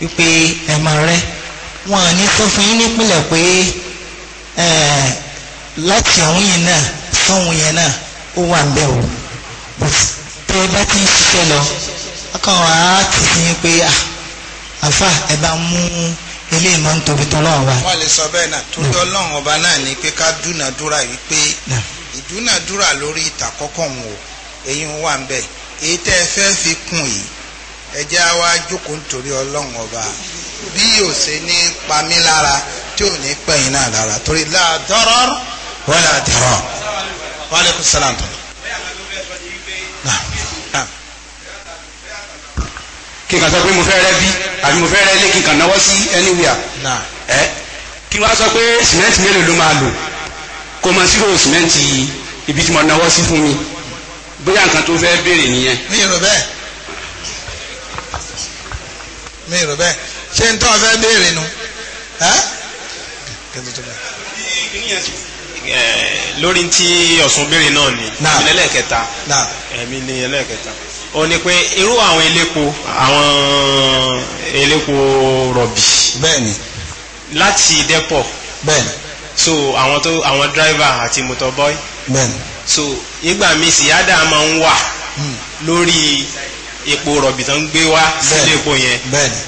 wípé ẹ máa rẹ́ wọn à ní sọ fún yín nípìnlẹ̀ pé láti ọ̀hún yẹn náà sọ́hún yẹn náà ó wà ń bẹ̀ o tẹ ẹ bá ti ń ṣiṣẹ́ lọ ọkàn wa á ti sí yín pé ah, àfa ẹ bá mú eléyìí máa ń tóbi tó lọ́wọ́ wa. wọ́n lè sọ bẹ́ẹ̀ náà tó lọ́ lọ́rùn ọba náà ni pé ká dúnàdúrà wípé ìdúnàdúrà lórí ìtàkọ́kọ̀ wọn o èyí wà ń bẹ̀ èyí tẹ́ ẹ fẹ́ fi kún yìí ẹjẹ́ wa jókòó nítorí ọlọ́run ọba bí yóò ṣe ní pamí lára tí ò ní pẹ̀yìn náà lára torí láàdọ́rọ́ wọ́n láàdọ́rọ́ wọ́n lè kó sálà tó. kí n kà sọ pé mo fẹ́ rẹ́ bí àbí mo fẹ́ rẹ́ ilé kí n kà náwó sí anywhere ẹ kí n wá sọ pé sìmẹ́ǹtì mélòó ló máa lò kó máa sírò sìmẹ́ǹtì ibi tí mo náwó sí fún mi bóyá nǹkan tó fẹ́ béèrè nìyẹn. mi ò rò bẹ́ẹ̀ mi rò bẹ́ẹ̀ ṣé n tọ́ fẹ́ béèrè nu lórí tí ọ̀sùn béèrè náà ni èmi lẹ́lẹ́kẹta èmi ni ẹlẹ́kẹta ó ní pé irú àwọn elépo àwọn elépo rọ̀bì bẹ́ẹ̀ni láti dẹ́pọ̀ bẹ́ẹ̀ni so àwọn tó àwọn driver àti motor boy bẹ́ẹ̀ni so ìgbà mi síyádà máa ń wà hmm. lórí epo rọ̀bì tó ń gbé wá sílé epo yẹn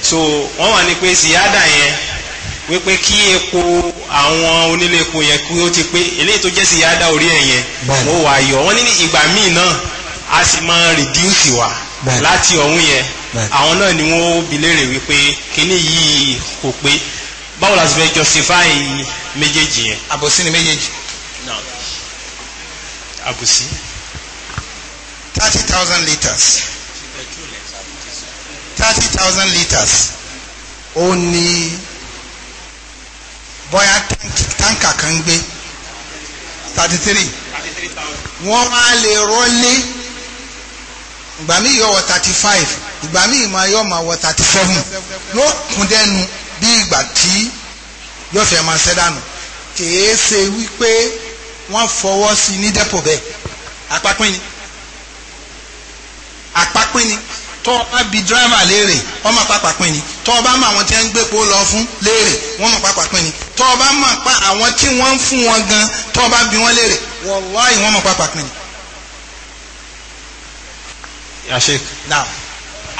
so wọ́n wà ní pé síyáàdà yẹn wípé kí epo àwọn onílé epo yẹn kí ó ti pé eléyìí tó jẹ́ síyáàdà orí ẹ̀ yẹn ó wà yọ wọ́n ní ìgbà míì náà a sì máa rìdíùsì wà láti ọ̀hún yẹn àwọn náà ni wọ́n bi wípé kíní yìí kò pé báwo la ti fẹ́ justify méjèèjì yẹn. àbòsí ni méjèèjì. àbòsí. thirty thousand litres thirty thousand litres ó ní bóyá táǹkà kan gbé thirty three wọ́n máa lè rọ́lé ìgbà míì yọ wọ thirty five ìgbà míì máa yọ máa wọ thirty seven ló kún dẹ́nu bí ìgbà tí yóò fẹ́ máa ṣẹ́ dànù kìí ṣe wípé wọ́n fọwọ́ sí ní dẹ́pọ̀ bẹ́ẹ̀ apápín ni apápín ni tọ́ ọ bá bi dírẹ́fà léèrè wọ́n máa pàpà pín ni tọ́ ọ bá mọ àwọn tí wọ́n ń gbé epo lọ fún léèrè wọ́n máa pàpà pín ni tọ́ ọ bá mọ pa àwọn tí wọ́n ń fún wọn gan tọ́ bá bi wọ́n léèrè wọ́láì wọ́n máa pàpà pín ni.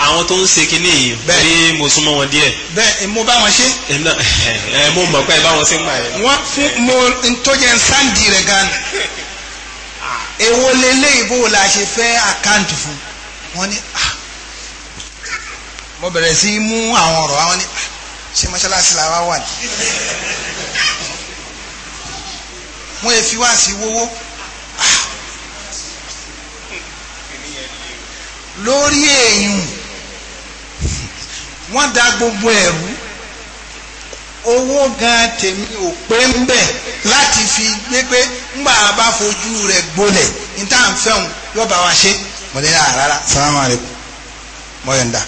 àwọn tó ń ṣe kinní yìí ní mo súnmọ́ wọn díẹ̀. bẹ́ẹ̀ mo bá wọn ṣe. ẹ mo mọ̀ pé ẹ bá wọn ṣe ń gbà yẹn. wọ́n fún mo tó jẹ́ sáǹdì rẹ̀ gan. èwo lélẹ́yìnbó la ṣe fẹ́ àkáǹtì fún wọn ni ah mo bẹ̀rẹ̀ sí mú àwọn ọ̀rọ̀ àwọn ní ah, ṣe mọ́ṣáláṣí la wá wà ní. wọ́n yẹ fi wá sí wọ́wọ́ ah. lórí èèyàn wọ́n da gbogbo ẹ̀rú owó gan tèmi ò pé ń bẹ̀ láti fi gbé pé ńgbà bá fojú rẹ̀ gbolẹ̀ ní tá à ń fẹ́ òun yóò bá wa ṣe mọ̀lẹ́yà ah, rárá salamu alaikum mọ̀yọ̀ǹda.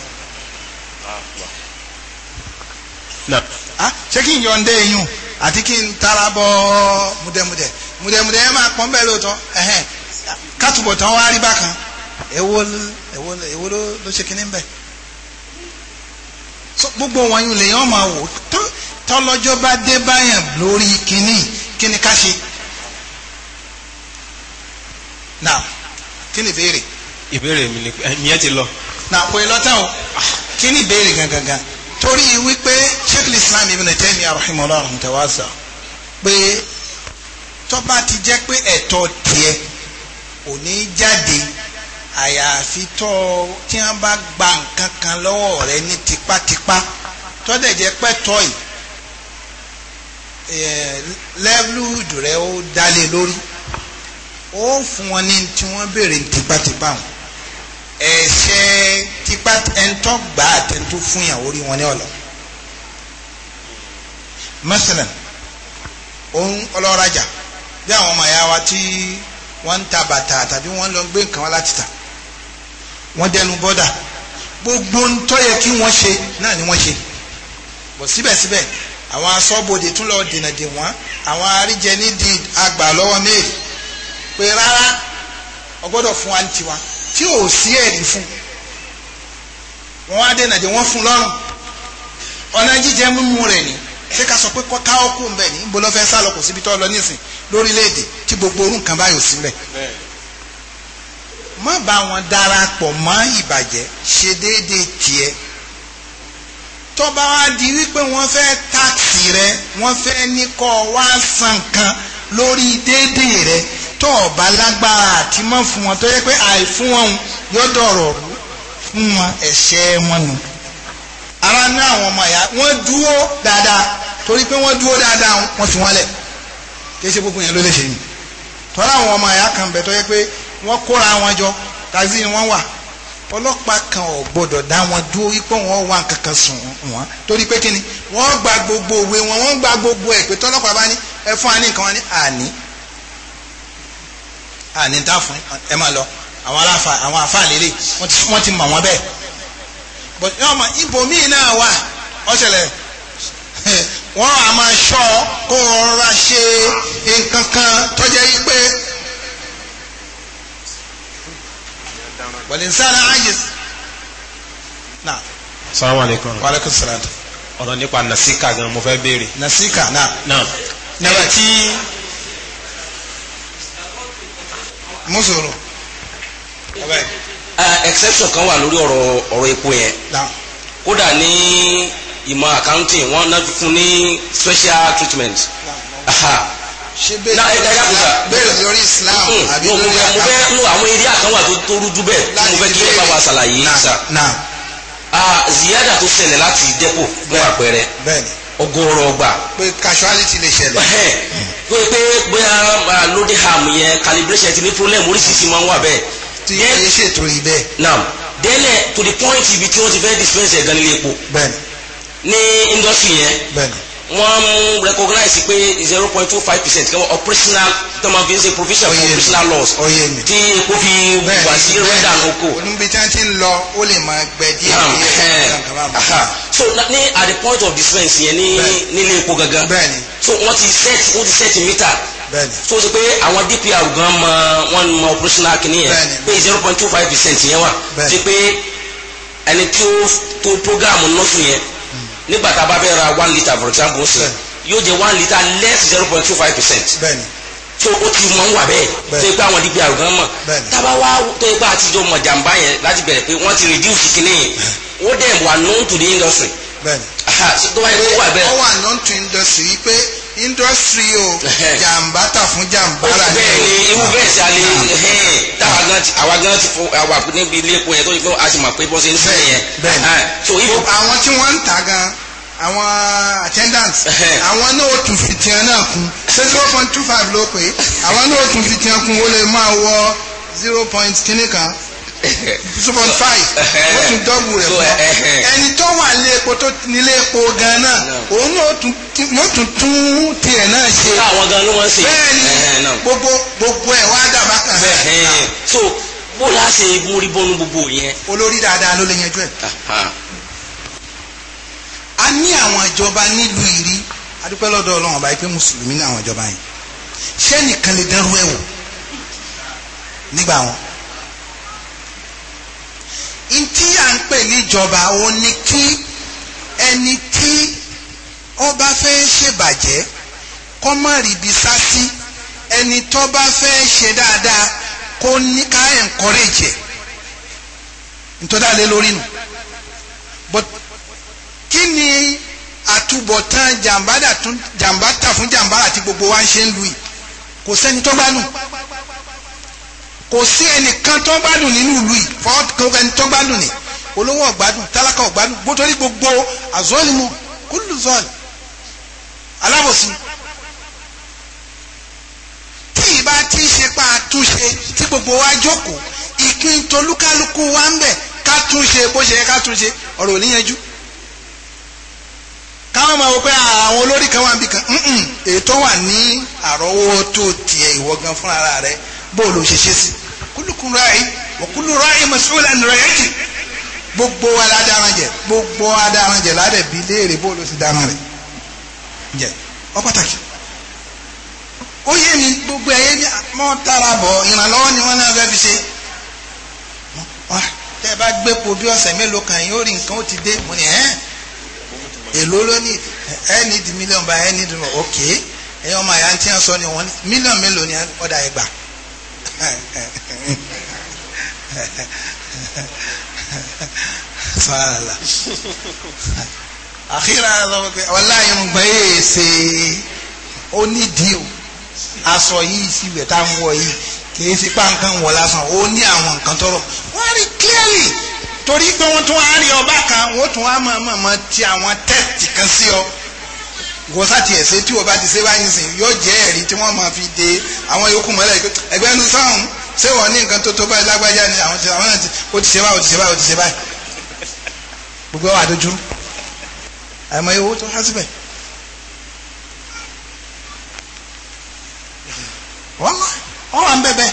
Ah, ṣé kí n yọ ǹdẹ́ eyín àti kí n tara bọ mùdẹ̀mùdẹ̀ mùdẹ̀mùdẹ̀ yẹn máa pọ́n bẹ́ẹ̀ lóòótọ́ kátùbọ̀ tán wá rí bákan èwo èwo ló ṣe kíní bẹ́ẹ̀ gbogbo wọn yìí lèyàn máa wò tọ́lọ́jọ́ bá dé báyàn lórí kíní kíní ká ṣe now kí ni ìbéèrè. ìbéèrè mi ni ẹ ti lọ. na kò ì lọ tán o ah, kí ni ìbéèrè gangan gangan torí wípé sheikh islam ibn Taymiyyah rahimahullah rahmatawasa pé tó bá ti jẹ́ pé ẹ̀tọ́ tiẹ̀ ò ní jáde àyàfi tó tí wọ́n bá gba nǹkan kan lọ́wọ́ rẹ ní tipátipá tó dẹ̀ jẹ́ pẹ́tọ́ yìí lẹ́lúùdù rẹ ó dálé lórí ó fún wọn ní tí wọ́n béèrè tipátipá wọn ẹ̀ṣẹ́ tipa ẹ̀ńtọ́ gbà àtẹ̀ńtọ́ fún yàn orí wọn ní ọ̀lọ́ mẹsìlẹ̀ òun ọlọ́rajà bí àwọn ọmọ ẹ̀yà wa tí wọ́n ń ta bàtà tàbí wọ́n lọ gbé nǹkan wọn láti tà wọ́n dẹnu bọ́dà gbogbo ntọ́ yẹ kí wọ́n ṣe náà ni wọ́n ṣe bọ̀ síbẹ̀síbẹ̀ àwọn asọ́bodè tún lọ dènà dè wọ́n àwọn aríjẹ ní di àgbà lọ́wọ́ méèlì pé rárá ọgbọ́dọ̀ fún wa ní tiwa tí ò sí ẹ̀rí fún un wọ́n wá dènà dé wọ́n fún lọ́rùn ọ̀nà jíjẹ mímú rẹ̀ ni ṣé ká sọ pé kọ́ ká ọkù ń bẹ̀ ní bó lọ́fẹ́ sá lọ kò síbi tó lọ nísìn lórílẹ̀‐èdè tí gbogbo orú nǹkan báyò sí rẹ̀ má bá wọn darapọ̀ mọ́ ìbàjẹ́ ṣe déédéé tiẹ̀ tó bá wá di wípé wọ́n fẹ́ táàkì rẹ wọ́n fẹ́ ní kọ́ wá san kan lórí déédéé rẹ tó lágbára àti mọ́ fún wọn tó yẹ pé àìfún wọn yóò dọ̀rọ̀ rú fún wọn ẹ̀ṣẹ̀ wọn nù ara ní àwọn ọmọ ẹ̀yà wọ́n dúró dáadáa torí pé wọ́n dúró dáadáa wọ́n fi wọ́n lẹ̀ kìí ṣe gbogbo yẹn ló lè ṣe ni tọ́lá àwọn ọmọ ẹ̀yà kan bẹ̀ tó yẹ pé wọ́n kóra wọn jọ taxi ni wọ́n wà ọlọ́pàá kan ò gbọ́dọ̀ dá wọn dúró wípé wọ́n wà kankan sùn wọ́n torí pé kíni wọ́n gba gbogbo òwe wọn wọ́n gba gbogbo ẹ̀ pé tọ́lọ́pàá bá ní ẹ fún wa ní nǹkan wọn ní àní àní tá fún ẹ máa lọ àwọn aláfa àwọn àfàlélè wọ́n ti mọ̀ wọ́n bẹ́ẹ̀ but ọmọ ibòmíì náà wà ọ̀ṣẹ̀lẹ̀ wọn a máa ṣọ́ kó rọra ṣe nǹkan kan tó jẹ́ yí pé wàlínsánà ayé náà. assalamu alaikum. wa alaikum salaam. ọ̀rọ̀ nípa nasika gan mo fẹ́ béèrè. nasika náà. náà nígbà tí. mú Eh, exception kan wà lórí ọ̀rọ̀ ọ̀rọ̀ epo yẹn kódà ní ìmọ̀ accounting wọ́n náà fún ní special treatment. ṣe bẹ́ẹ̀ hmm. lórí Islam àbí lórí àbá. mo fẹ́ lo àwọn eré àkànwà tó rújú bẹ́ẹ̀ tí mo fẹ́ kí ẹ bá wa ṣàlàyé sà. Ah, ziyada tó ṣẹlẹ̀ láti dẹ́pò fún àpẹẹrẹ ọgọ́rọ̀ ọgbà. pé casualty lè ṣẹlẹ̀. pé pé bóyá ah, loading arm yẹn calibration ti ní problem oríṣiríṣi máa ń wà bẹ́ẹ̀ ti yẹ kì í ṣètò yìí bẹ́ẹ̀. naam délẹ̀ to the point ibi tí wọ́n ti fẹ́ dispense ẹ̀ ganilé epo. bẹ́ẹ̀ni. ní industry yẹn. bẹ́ẹ̀ni. wọ́n mú recognize pé zero point two five percent kí operational tó máa fi ń provision for operational laws. ọyẹ mi tí epo fi wà sí rẹ́dà oko. oníbi tí wọ́n ti ń lọ ó lè máa gbẹ díẹ̀ díẹ̀. so ní at the point of dispense yẹn ní nílé epo gangan. bẹ́ẹ̀ni. so wọ́n ti set wọ́n ti set meter tó ti pé àwọn DPR gan mọ wọn mọ operational kìíní yẹn pé zero point two five percent yẹn wà ti pé ẹni tí ó tó program nọ́ọ̀sù yẹn hmm. nígbà tá a bá fẹ́ ra one litre for example ṣe yóò jẹ one litre less zero point two five percent so ó ti mọ̀ ń wà bẹ́ẹ̀ tó yẹ pé àwọn DPR gan mọ̀ tábà wá tó yẹ pé àtijọ́ mọ̀ jàǹbá yẹn láti bẹ̀rẹ̀ pé wọ́n ti reduce kìíní yẹn ó dẹ̀ wà known to the industry. bẹ́ẹ̀ni tó wáyé kó wà bẹ́ẹ̀. ó wà known to industry pé industry o jàǹbá tà fún jàǹbá rà ní. bẹ́ẹ̀ ni irú bẹ́ẹ̀ sí alẹ́ táwa gan ti àwa gan ti fo àwa níbi ilé epo yẹn tó yẹ kó a sì mọ̀ pé bọ́sẹ̀ ń sè yẹn. bẹ́ẹ̀ ni àwọn tí wọ́n ń ta gan àwọn attendant àwọn náà tún fi tiẹ̀ náà kún zero point two five ló pé àwọn náà tún fi tiẹ̀ kún ó lè máa wọ zero point kìnnìkan. sumon five ó eh, eh, tún dọ́gbù rẹ̀ fún eh, ẹni tó wà nílé epo tó nílé epo gan náà òun yóò tún tún tiẹ̀ náà ṣe bẹ́ẹ̀ ni gbogbo gbogbo ẹ̀ wá dàbá kan náà. so bó la ṣe mórí bọ́nu gbogbo yẹn. olórí dáadáa ló lè yanjú ẹ̀. Ah, ah. a ní àwọn ìjọba nílùú ìrí adúpẹ́ lọ́dọ̀ ọlọ́run ọba pé mùsùlùmí ní àwọn ìjọba yẹn ṣé nìkan lè dẹ́rù ẹ̀ wò nígbà wọn ntí à ń pè níjọba òun ni kí ẹni tí ó bá fẹ́ ṣèbàjẹ́ kó má ríbi sá sí ẹni tó bá fẹ́ ṣe dáadáa kó ní ká encourage ẹ̀ nítorí àlẹ́ lórí nù but kí ni àtúbọ̀tán jàǹbá tà fún jàǹbá àti gbogbo wa ń ṣe ń lu yìí kò sẹ́ni tó gbádùn kò sí ẹnìkan tó gbádùn nínú ìlú yìí fọ́ọ̀kan tó gbádùn ní olówó ọ̀gbádùn tálákà ọ̀gbádùn bótórí gbogbo àzọ́ọ̀lìmù kúlù zọ́ọ̀lì alábòsí tí ìbá ti ṣe pa àtúnṣe tí gbogbo wa jókòó ìpín tolúkálukú wa ń bẹ̀ ká túnṣe bó ṣe yẹ ká túnṣe ọ̀rọ̀ òníyanjú káwọn máa wọ pé àwọn olórí kan wà níbi kan ètò wà ní àrọ́wọ́tó tiẹ̀ ìwọ gan fúnra rẹ̀ bóòlù òṣèṣe sí kullukum ra'i wa kullu ra'in mas'ulan 'an ra'iyati gbogbo wa la dáran jẹ gbogbo wa dáran jẹ ládẹ bí léèrè bóòlù sí dáran rẹ jẹ ọ pàtàkì ó yé mi gbogbo ẹyẹ ní mọ tara bọ ìrànlọ́wọ́ ni wọn náà fẹẹ fi ṣe tẹ bá gbé po bí ọ̀sẹ̀ mélòó kan yìí ó rí nǹkan ó ti dé mo ní ẹ èló ló ní ẹ ní di mílíọ̀nù báyìí ẹ ní di ok ẹ ọmọ àyà ń tí wọn sọ ni wọn mílíọ̀nù mélòó ni ọ̀dà ẹgbàá fàlà àkírà lọ́wọ́ pé wàláyé ń gbọ́ yéé ṣe ó nídìí o aṣọ yìí sí ìwẹ̀ tá à ń wọ̀ yìí kìí sí lásán ó ní àwọn nǹkan tọrọ wọ́n rí clearly torí pé wọ́n tún á rí ọba kan wọ́n tún á mọ̀ mọ̀ mọ̀ ti àwọn test kan sí ọ. Gosati sáti ẹ̀sẹ̀ tí wọ́n bá ti ṣe báyìí sìn yóò jẹ́ ẹ̀rí tí wọ́n máa fi de àwọn yòókù mọ́lẹ̀ ẹgbẹ́ nu sọ́hún ṣé wọ́n ní nǹkan tó tó báyìí lágbájá ni àwọn àwọn náà ó ti ṣe báyìí ó ti ṣe báyìí ó ti ṣe báyìí gbogbo wa dojú àmọ́ owó tó há síbẹ̀. wọ́n wà ń bẹ̀bẹ̀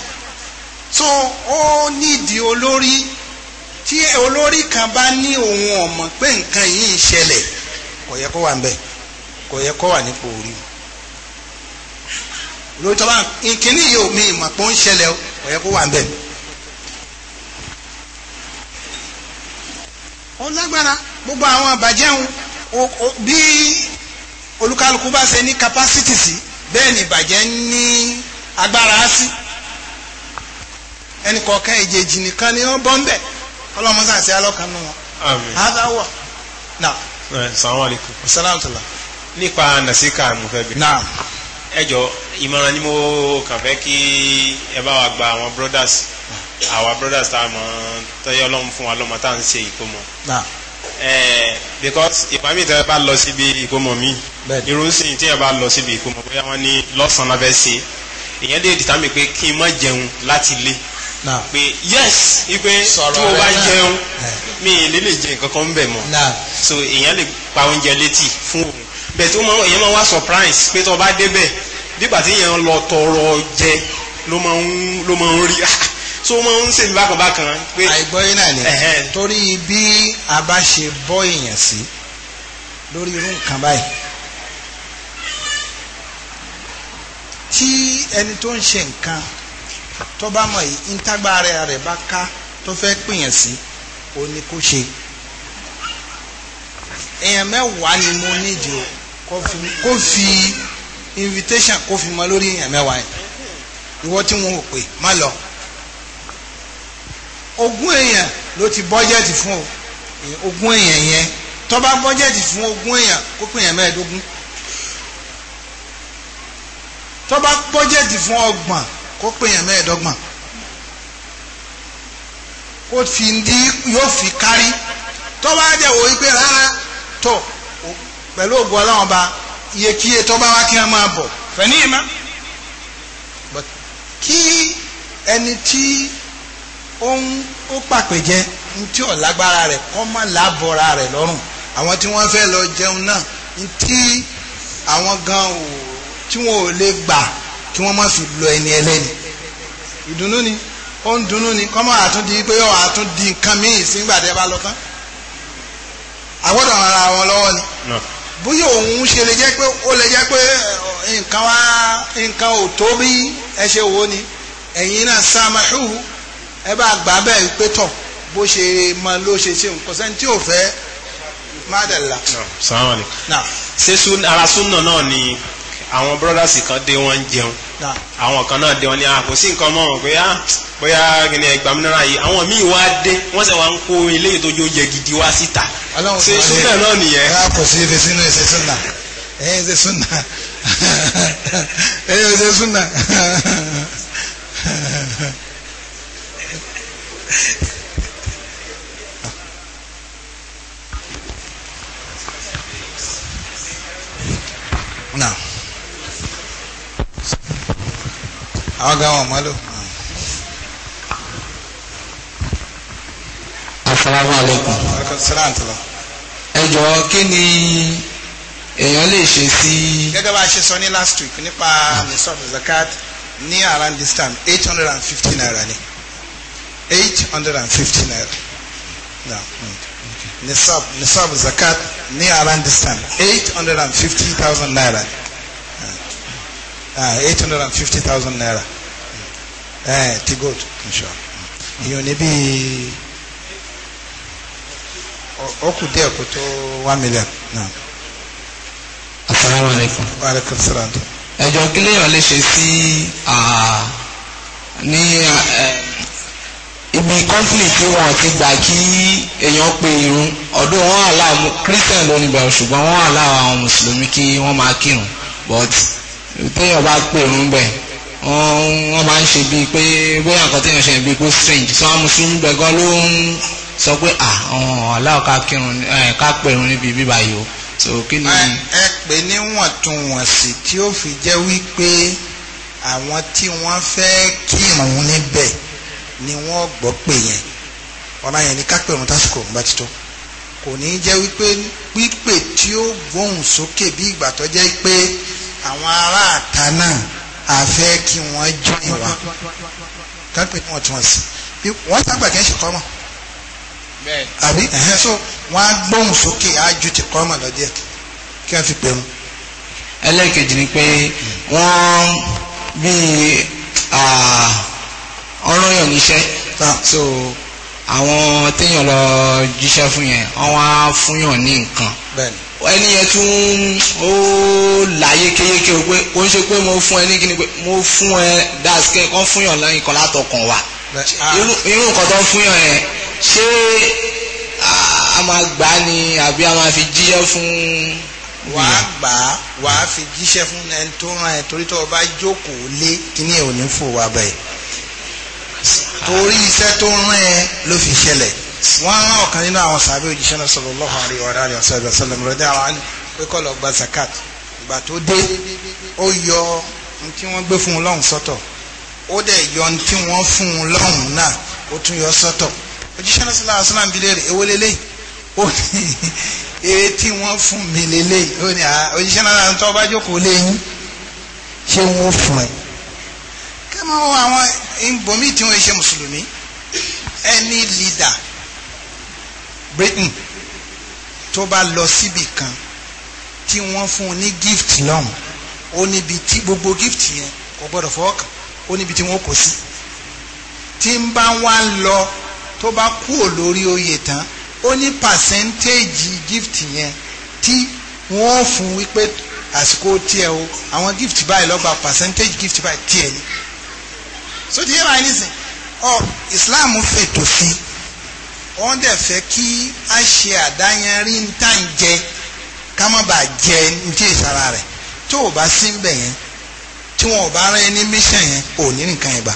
so ó nídìí olórí tí olórí kan bá ní òun ọ̀mọ̀ pé nǹkan yìí ń ṣẹlẹ̀ kò yẹ kó wà ń bẹ̀ẹ́ kò yẹ kó wà nípò orí o lóòótọ́ bá nkíní yìí ò mí ìmọ̀ pé ṣẹlẹ̀ o kò yẹ kó wà níbẹ̀. ó lágbára gbogbo àwọn àbàjẹ́ òun bí olúkálukú bá ṣe ní capacity sí bẹ́ẹ̀ ni ìbàjẹ́ ní agbára sí ẹnì kọ̀ọ̀kan ìjèjì nìkan ni wọ́n bọ́ ń bẹ̀ ọlọ́mọ sàn sí alọ́kan nù wọn. àmín. hádà wà nípa nàṣíkà mo fẹ́ bí. naam. ìmọ̀ràn ni mo kàn fẹ́ kí ẹ bá wa gba àwọn brothers àwa brothers tá a mọ̀ tọ́jú ọlọ́run fún wa lọ́mọ tá à ń ṣe ìkómọ. naam. ẹ because ìgbà mi tẹ́ bá lọ síbi ìkómọ mi irú sìn tí ẹ bá lọ síbi ìkómọ bóyá wọ́n ní lọ́sàn-án lábẹ́ ṣe ìyẹn dé determine pé kí n má jẹun láti ilé pé yes ipe tí mo bá jẹun mi ì lè lè jẹ nǹkan kan ń bẹ̀ mọ́ so ìyẹn lè pa oúnjẹ létí fún òun bẹ̀tí ó máa èèyàn máa wá surprise pé tó bá débẹ̀ dígbà tí èèyàn lọ tọrọ jẹ ló máa ń ló máa ń rí tó máa ń sèmi bákan bákan pé. àìgbọ́yé náà ni torí bí a bá ṣe bọ́ èèyàn sí lórí irú nǹkan báyìí tí ẹni tó ń ṣe nǹkan tó bá mọ̀ yìí ń rẹ̀ bá ká tó fẹ́ pèèyàn sí òun ni kó ṣe èèyàn mẹ́wàá ni mo nídìí o kó fi invitation kó fi mọ lórí èèyàn mẹ́wàá yẹn ìwọ tí wọn ò pè má lọ ogún èèyàn ló ti bọ́jẹ́tì fún o ogún èèyàn yẹn tó bá bọ́jẹ́tì fún ogún èèyàn kó pè èèyàn mẹ́ẹ̀ẹ́dógún tó bọ́jẹ́tì fún ọgbọ̀n kó pè èèyàn mẹ́ẹ̀ẹ́dọ́gbọ̀n kó fi ndí yóò fi kárí tó bá jẹ́ rárá tó pẹ̀lú ògùn ọlọ́run ọba iyekíye tó bá wá kí wọ́n máa bọ̀ fẹ̀ní ìmọ̀ but kí ẹni tí ó ń ó pàpẹ̀jẹ́ ntí ó lágbára rẹ̀ kọ́ má láàbọ̀ra rẹ̀ lọ́rùn àwọn tí wọ́n fẹ́ lọ jẹun náà ntí àwọn gan ò tí wọn ò lè gbà kí wọ́n má fi lọ ẹni ẹlẹ́ni ìdùnnú ni ó ń dunnú ni kọ́mọ́ àtúndì pé ó àtúndì nǹkan míì sígbà tẹ́ bá lọ tán àgbọ̀dọ̀ ara wọn lọ́wọ́ ni. No bóyá òun ṣe lè jẹ́ pé ó lè jẹ́ pé eh, nǹkan wá nǹkan ò tó bí ẹ ṣe ni ẹ̀yin náà samahu ẹ bá gbà bẹ́ẹ̀ pé tọ̀ bó ṣe mọ ló ṣe ṣe nǹkan sẹ́ni tí ò fẹ́ má dẹ̀ la. sàmúlò ara súnà náà ni àwọn brothers kan dé wọn ń jẹun àwọn kan náà dé wọn ní àpò ah, sí nǹkan mọ́ pé á ah, bóyá kìnìún ẹgbàá mìíràn yìí àwọn míì wá dé wọ́n sì wá ń kó eléyìí tó jó oúnjẹ gidi wá síta ṣe súnà náà nìyẹn. ẹ ah, kò sí ṣe sínú ẹsẹ súnà ẹ ṣe súnà ẹ eh, ṣe súnà. Eh, Now. àwọn gan wọn mọ́ lò. asalaamualeykum. ẹ jọ̀ọ́ kí ni èèyàn lè ṣe sí. gẹ́gẹ́ bá a ṣe sọ ní last week nípa nisab zakat ní around this time eight hundred and fifty naira ni eight hundred and fifty naira nisab nisab zakat ní around this time eight hundred and fifty thousand naira ni. Ah, eight hundred and fifty thousand naira eh, ti gold kì í ṣọ èèyàn ní bíi ó kù díẹ̀ kó tó one million náà. asalaamualeykum. waaleykum salaam. ẹ̀jọ̀ kí lèèyàn lè ṣe sí ní eh, ibi conflict tí wọ́n ti gbà kí èèyàn pe irun ọ̀dọ̀ wọn àláwọ̀ christian lónìí bẹ̀rù ṣùgbọ́n wọ́n àláwọ̀ àwọn mùsùlùmí kí wọ́n máa kírun but téèyàn bá pè ń bẹ̀ wọ́n máa ń ṣe bíi pé bóyá nǹkan téèyàn ṣe bíi pé strange sọ àwọn mùsùlùmí bẹ̀ gan ló ń sọ pé àwọn aláwọ̀ ká kírun ká pèrun níbi bíbá yìí o so kí ni. ẹ pè níwọ̀ntúnwọ̀nsì tí ó fi jẹ́ wípé àwọn tí wọ́n fẹ́ kírun níbẹ̀ ni wọ́n gbọ́ pè yẹn ọ̀nà yẹn ni ká pèrun tásìkò ń bá ti tó kò ní jẹ́ wípé pípè tí ó gbóhùn sókè bí ìgbà tó jẹ́ pé bákan náà àfẹ́ kí wọ́n jó ìwà kápẹ́ ní wọ́n tún wọ́n sí wọ́n sábà kì í ṣe kọ́mọ̀ àbí so wọ́n á gbóhùn sókè ájú ti kọ́mọ̀ lọ́dẹ̀ kí wọ́n fi pè wọ́n. ẹlẹ́ẹ̀kejì ni pé wọ́n bí ọ̀rọ̀ yàn níṣẹ́ so àwọn téèyàn lọ jíṣẹ́ fún yẹn wọ́n á fún yàn ní nǹkan. bẹ́ẹ̀ni ẹni yẹn tún ó là yékéyéké o pé o ń ṣe pé mo fún ẹ ní kí ni pé mo fún ẹ das kí nǹkan fún yàn lẹ́yìn kan látọkàn wa ah. irú nǹkan tó ń fún yàn yẹn ṣé a máa gbà á ni àbí a máa fi jíṣẹ́ fún. wà á gbà á wà á fi jíṣẹ́ fún ẹni tó ràn ẹ́ torí tó o bá jókòó lé kíní ẹ̀ ò ní fò wá bẹ́ẹ̀ ah. torí iṣẹ́ tó ràn ẹ́ ló fi ṣẹlẹ̀ wọ́n rán ọ̀kan nínú àwọn sàbẹ̀ òjíṣẹ́ náà sallallahu alaihi wa alihi wa sallam rẹ̀ dára ní pé kó lọ gba zakat ìgbà tó dé ó yọ ohun tí wọ́n gbé fún un lọ́hùn sọ́tọ̀ ó dẹ̀ yọ ohun tí wọ́n fún un lọ́hùn náà ó tún yọ sọ́tọ̀ òjíṣẹ́ náà sallallahu alaihi wa sallam bi léèrè èwo ó ní eré tí fún mi lélẹ̀ ó ní òjíṣẹ́ náà tó bá jókòó léyìn ṣé wọ́n fún ẹ kí wọ́n àwọn ìbòmí tí wọ́n ṣe mùsùlùmí any leader Britain tó bá lọ síbì kan tí wọ́n fún ní gift lọ́hùn ó níbi tí gbogbo gift yẹn kò gbọ́dọ̀ fọwọ́ kàn ó níbi tí wọ́n kò sí tí ń bá wá lọ tó bá kú ò lórí oyè tán ó ní pàṣẹ́ntéèjì gift yẹn tí wọ́n fún wípé àsìkò tiẹ̀ o àwọn gift báyìí lọ́gbà percentage gift báyìí tiẹ̀ ni so ti yé wa nísìn ọ Islam fètò sí i wọ́n dẹ̀ fẹ́ kí a ṣe àdáyanrí níta ń jẹ ká má bàa jẹ nítí ìsara rẹ̀ tó o bá sí ń bẹ̀ yẹn tí wọn ò bá rán ẹni mission yẹn ò ní nǹkan yẹn bá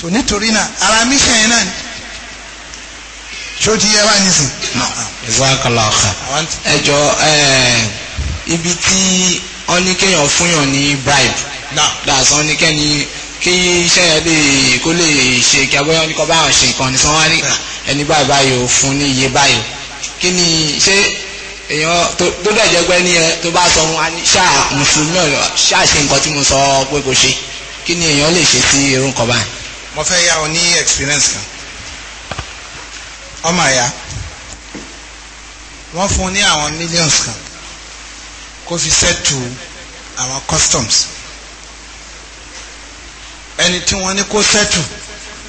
so nítorí náà ara mission yẹn náà ni ṣó ti yẹ wá nísìn. ìzákàlàkà ẹ jọ ibi tí wọ́n ní kéèyàn ní bribe dàsán ní kẹ́ni kí iṣẹ́ yẹn lè kó lè ṣe kí abọ́yọ́ ní kọ́ bá àwọn ṣe nǹkan ní sanwó-án nígbà ẹni báyìí báyìí ò fún ní iye báyìí kí ni ṣé èèyàn tó dẹ̀ jẹ́ pé ní ẹ tó bá sọ wọn ṣáà mùsùlùmí ọ̀yọ́ ṣáà ṣe nǹkan tí mo sọ pé kò ṣe kí ni èèyàn lè ṣe sí irú nǹkan báyìí. mo fẹ́ yá ọ ní experience kan ọmọ àyà wọ́n fún ní àwọn millions kan kó fi settle àwọn customs ẹni tí wọ́n ní kó settle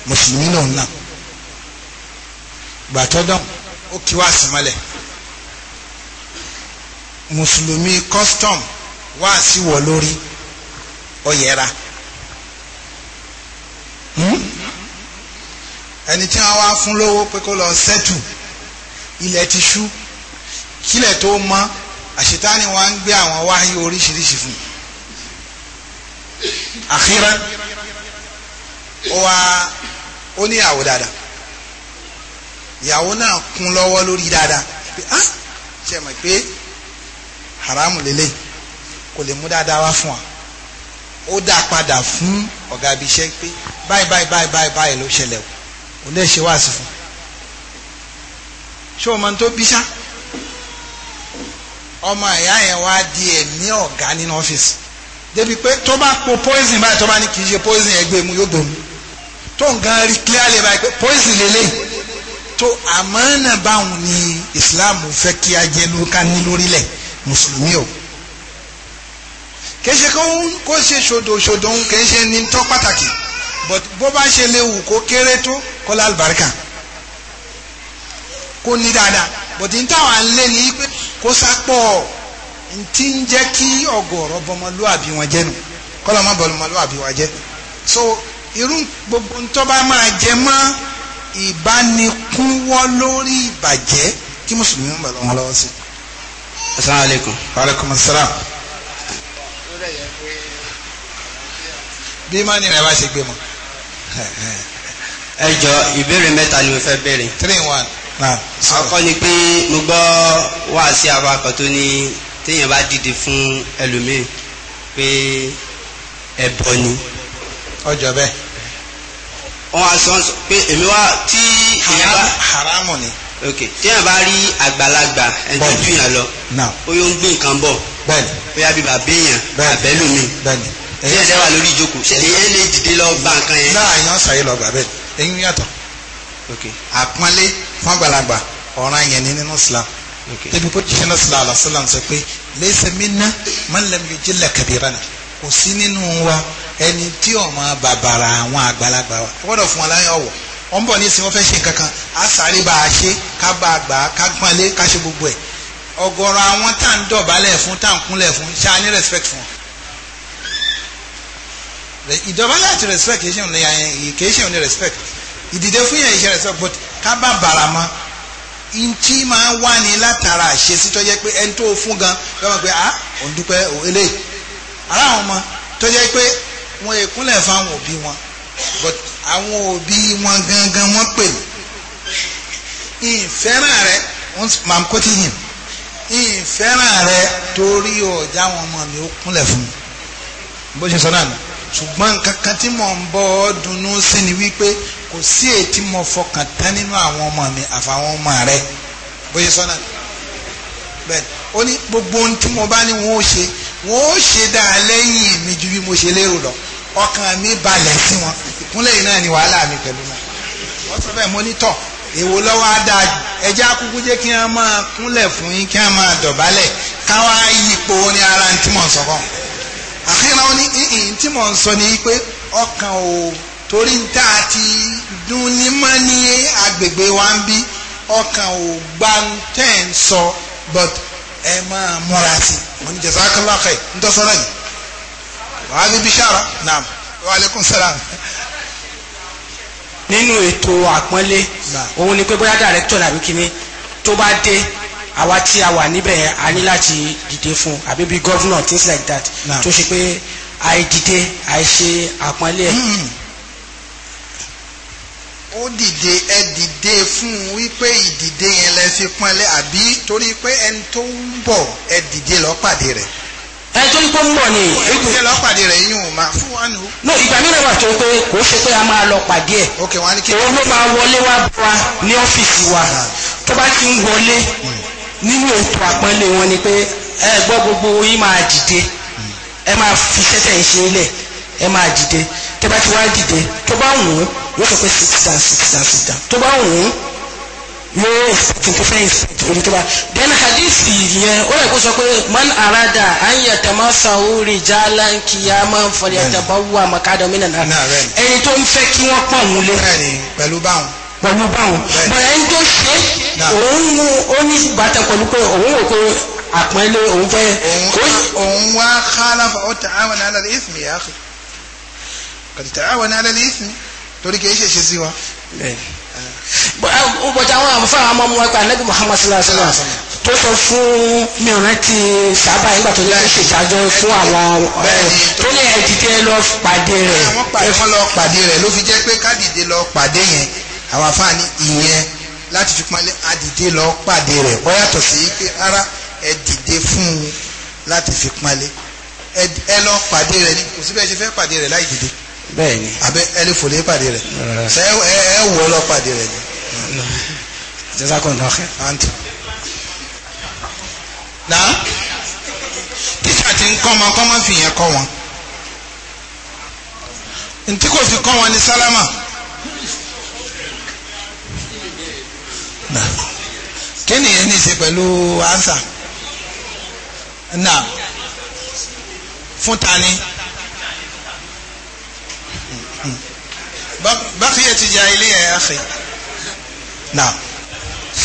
mùsùlùmí lòun náà gbàtọ́dọ̀n ó kí wá sí mọ́lẹ̀ mùsùlùmí custom wá sí wọ̀ lórí ó yẹra hmm? ẹni tí wọ́n wá fún lówó pé kó lọ sẹ́tù ilẹ̀ ti ṣú kílẹ̀ tó mọ́ àṣetáni wa ń gbé àwọn wáyé oríṣiríṣi fún àkírá ó wá ó ní àwò dáadáa ìyàwó náà kún lọ́wọ́ lórí dáadáa pé ah ṣe mọ̀ pé haramu lélẹ̀ kò lè mú dáadáa wá fún wa ó dá padà fún ọ̀gá ibi iṣẹ́ pé báyìí báyìí báyìí báyìí báyìí ló ṣẹlẹ̀ o ò lè ṣe wá sí fún ṣé o máa ń tó bí ṣá ọmọ ìyá yẹn wá di ẹ̀mí ọ̀gá nínú ọ́fíìsì débi pé tó bá po poison báyìí tó bá ní kì í ṣe poison ẹgbẹ́ mu yóò gbòmù tó nǹkan rí clearly báyìí pé poison lélẹ́yìí so àmọ́nà báwọn ni Islam fẹ́ kí a jẹ́ ló ká ní lórílẹ̀ mùsùlùmí o kì í ṣe kó ṣe ṣòdòṣòdò ń kì ní tọ́ pàtàkì but bó bá ṣe léwu kó kéré tó kó lálùbáríkà kó ní dáadáa but ní táwọn alẹ́ ní pé kó sápọ̀ tí ń jẹ́ kí ọ̀gọ̀ọ̀rọ̀ bọmọlúàbí wọn jẹ́ nù kọ́lọ́ má bọmọlúàbí wọn jẹ́ so irú gbogbo ń tọ́ máa jẹ mọ́ ìbánikúnwọ́ lórí ìbàjẹ́ kí mùsùlùmí ń bà lọ́wọ́ lọ́wọ́ sí. asalaamualeykum. waaleykum asalaam. bí mani rẹ̀ bá ṣe gbé mọ́. ẹ jọ ìbéèrè mẹ́ta ni mo fẹ́ béèrè. three in one. àkọ́ ni pé mo gbọ́ wáàsí awakọ̀ tó ní téèyàn bá dìde fún ẹlòmíì pé ẹ̀bọ ni. ọjọ́ bẹ́ẹ̀ wọn wá sọ pé èmi wá tí èèyàn bá haramu ni. ok tí èèyàn bá rí àgbàlagbà ẹni tó dùn yàn lọ ó yóò ń gbé nǹkan bọ̀ bóyá bíbà béèyàn àbẹ́lómi tí èèyàn dẹ́wà lórí ìjókòó ṣẹlẹ̀ yẹn lè dìde lọ bá nǹkan yẹn. náà yàn sàyè lọ gbà bẹ́ẹ̀ ẹ̀yin yàtọ̀ àpọ́nlé fún àgbàlagbà ọ̀ràn yẹn ní nínú Islam tẹbi bó ti ṣe náà sílá àlàsílà ń sọ pé lẹ́sẹ̀ mi ná man lam yujilla kabirana kò sí nínú wa ẹni tí ọmọ bàbàrà àwọn àgbàlagbà wa ẹ gbọ́dọ̀ fún wa láyé ọ̀wọ̀ wọ́n bọ̀ nísìnyí wọ́n fẹ́ ṣe nǹkan kan á sáré bá a ṣe ká bá a gbà á ká gbọ́nlé ká ṣe gbogbo ẹ̀ ọ̀gọ̀rọ̀ àwọn tá à ń dọ̀bálẹ̀ fún tá à ń kúnlẹ̀ fún ṣá ní respect fún wọn ìdọ̀bálẹ̀ àti respect kìí ṣe òun ní kìí ṣe òun ní respect ìdìde fún yẹn ìṣe respect but ká bá bàrà mọ́ ntí máa wá ní látara àṣesí tó jẹ́ pé ẹni tó fún gan lọ́wọ́ pé ah òun dúpẹ́ eléyìí ara àwọn ọmọ tó jẹ́ pé wọn èkúnlẹ̀ fáwọn òbí wọn but àwọn òbí wọn gangan wọn pè ìfẹ́ràn rẹ mam kò tí yìn ìfẹ́ràn rẹ torí ọ̀já àwọn ọmọ mi ó kúnlẹ̀ fún mi bó ṣe sọ náà ṣùgbọ́n nǹkan kan tí mò ń bọ́ ọ́ dunnú sí ni wípé kò sí ètí mo fọkàn tán nínú àwọn ọmọ mi àfàwọn ọmọ rẹ bó ṣe sọ náà bẹ́ẹ̀ ó ní gbogbo ohun tí mo bá ní wọn ó ṣe wọn ó ṣe dáa lẹ́yìn mi ju bí mo ṣe lérò lọ ọkàn mi balẹ̀ sí wọn ìkúnlẹ̀ yìí náà ni wàhálà mi pẹ̀lú náà wọ́n sọ bẹ́ẹ̀ mo ní tọ̀ èwo lọ́wọ́ á dáa ẹja kúkú jẹ́ kí wọ́n máa kúnlẹ̀ fún yín kí wọ́n máa dọ̀bálẹ̀ káwá yípo ní ara ní tí mò ń sọ kàn àkínrán ní ìhìn tí mò ń sọ ni pé ọkàn ò torí ń tá a ti dún ní mọ́ ní agbègbè wa ń bí ọkàn ò gbá ń ń sọ but ẹ máa múra sí i mo ní jazakallah khair ń tọ́sọ́rọ́ yìí wàá ní bishara naam wa aleykum salaam. nínú ètò àpọ́nlé òun ni pé bóyá dàrẹ́tọ̀ làbí kíní tó bá dé àwa tí a wà níbẹ̀ a ní láti dìde fún àbí bíi gọ́vnọ̀ things like that tó ṣe pé àìdìde àìṣe àpọ́nlé ẹ̀. Hmm ó dìde ẹ dìde fún un wípé ìdìde yẹn lẹ fi pọnlẹ àbí torí pé ẹni tó ń bọ̀ ẹ dìde lọ́pàdé rẹ̀. ẹ torí pé ń bọ̀ ni. ẹ dìde lọ́pàdé rẹ̀ yín ò máa fún wa nù. no ìgbà mìíràn wà tó pé kò ṣe pé a máa lọ pàdé ẹ. ok wọn ni kí. òun ló máa wọlé wá wa ní ọ́fíìsì wa tó bá ti ń wọlé nínú ètò àpọ́nlé wọn ni pé ẹ gbọ́ gbogbo yín máa dìde ẹ máa fi sẹ́sẹ̀ ń ṣe ilẹ̀ ẹ máa dìde tẹ bá ti wá dìde tó bá wù ú yóò sọ pé sit down sit down sit down tó bá wù ú yóò tún tó fẹ́ ìsìnkú orí tó bá. then hadithi yẹn ó rẹ̀ kó sọ pé man arada an yatamasahu rijalan qiyaman falyatabawwa maq'adahu minan nar. ẹni tó ń fẹ́ kí wọ́n pọ̀ wúlé. bẹ́ẹ̀ni pẹ̀lú báwọn pẹ̀lú báwọn bọ̀dà ń tó ṣe òun mú ó bàtà pẹ̀lú pé òun ò kó àpọ́nlé òun fẹ́. òun wá kálá fa ó ta'awana ala al-ithmi ya akhi qad ta'awana ala torí kì í ṣe ṣe sí wọn. bọ́jà àwọn àmúfáà àmọ́ mu ẹgbẹ́ anabi muhammad sallallahu alayhi wa sallam tó sọ fún mi rántí sábà nígbà tó ní kí ṣèdájọ́ fún àwọn tó ní ẹ̀dídé lọ pàdé rẹ̀. àwọn pàdé kan lọ pàdé rẹ̀ ló fi jẹ́ pé kádìdé lọ pàdé yẹn àwọn àfáàní ìyẹn láti fi pọ́nlé àdìdé lọ pàdé rẹ̀ wọ́n yàtọ̀ sí pé rárá ẹ̀dìdé fún un láti fi pọ́nlé ẹ lọ pàdé rẹ̀ ní kò síbẹ̀ ṣe fẹ́ pàdé rẹ̀ láì dìde bẹ́ẹ̀ ni abẹ ẹni fò lè pàdé rẹ ṣe ẹ wọ lọ pàdé rẹ ni. jẹ́sàkùn náà kẹ́. na tíṣà ti ń kọ́ ọmọ kọ́ máa fi yẹn kọ́ wọn ntí kò fi kọ́ wọn ní sálámà. kí ni yẹn ní í ṣe pẹ̀lú ansa? na fún ta ni. بقية جاهلية يا أخي نعم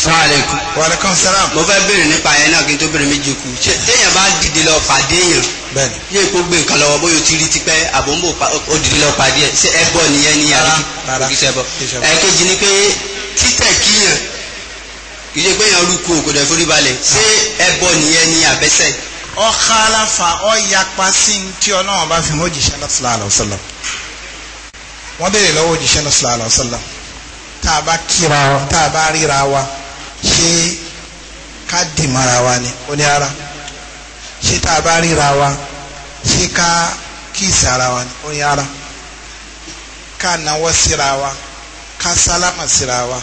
sàlẹ̀kù. wàlẹ̀kùn sàlám. mo fẹ́ béèrè nípa ẹ̀ náà kí n tó béèrè méjì kù. ṣé téèyàn bá dìde lọ pàdé yàn. bẹ́ẹ̀ni. yóò kó gbé nǹkan lọ́wọ́ bóyá o ti rí tipẹ́ àbò ń bò ó dìde lọ pàdé ẹ̀ ṣé ẹbọ nìyẹn ní àrí òkìṣẹ́ bọ. ẹ̀kejì ni pé títẹ̀ kíyàn kì í ṣe pé yàn rúkú òkòdè forí balẹ̀ ṣé ẹbọ nìyẹn ní àbẹ́sẹ̀. ọ̀kàlàfà ọ̀yàpá sí ti ọlọ́run bá fi mọ́jì ṣálá wọ́n béèrè lọ́wọ́ òjíṣẹ́ náà sallallahu alaihi wasallam tá a bá kíra wa tá a bá ríra wa ṣé ká dìmọ́ra wa ni ó ní ara ṣé tá a bá ríra wa ṣé ká kíìsì ara wa ni ó ara ká nawọ́ síra wa ká sálámà síra wa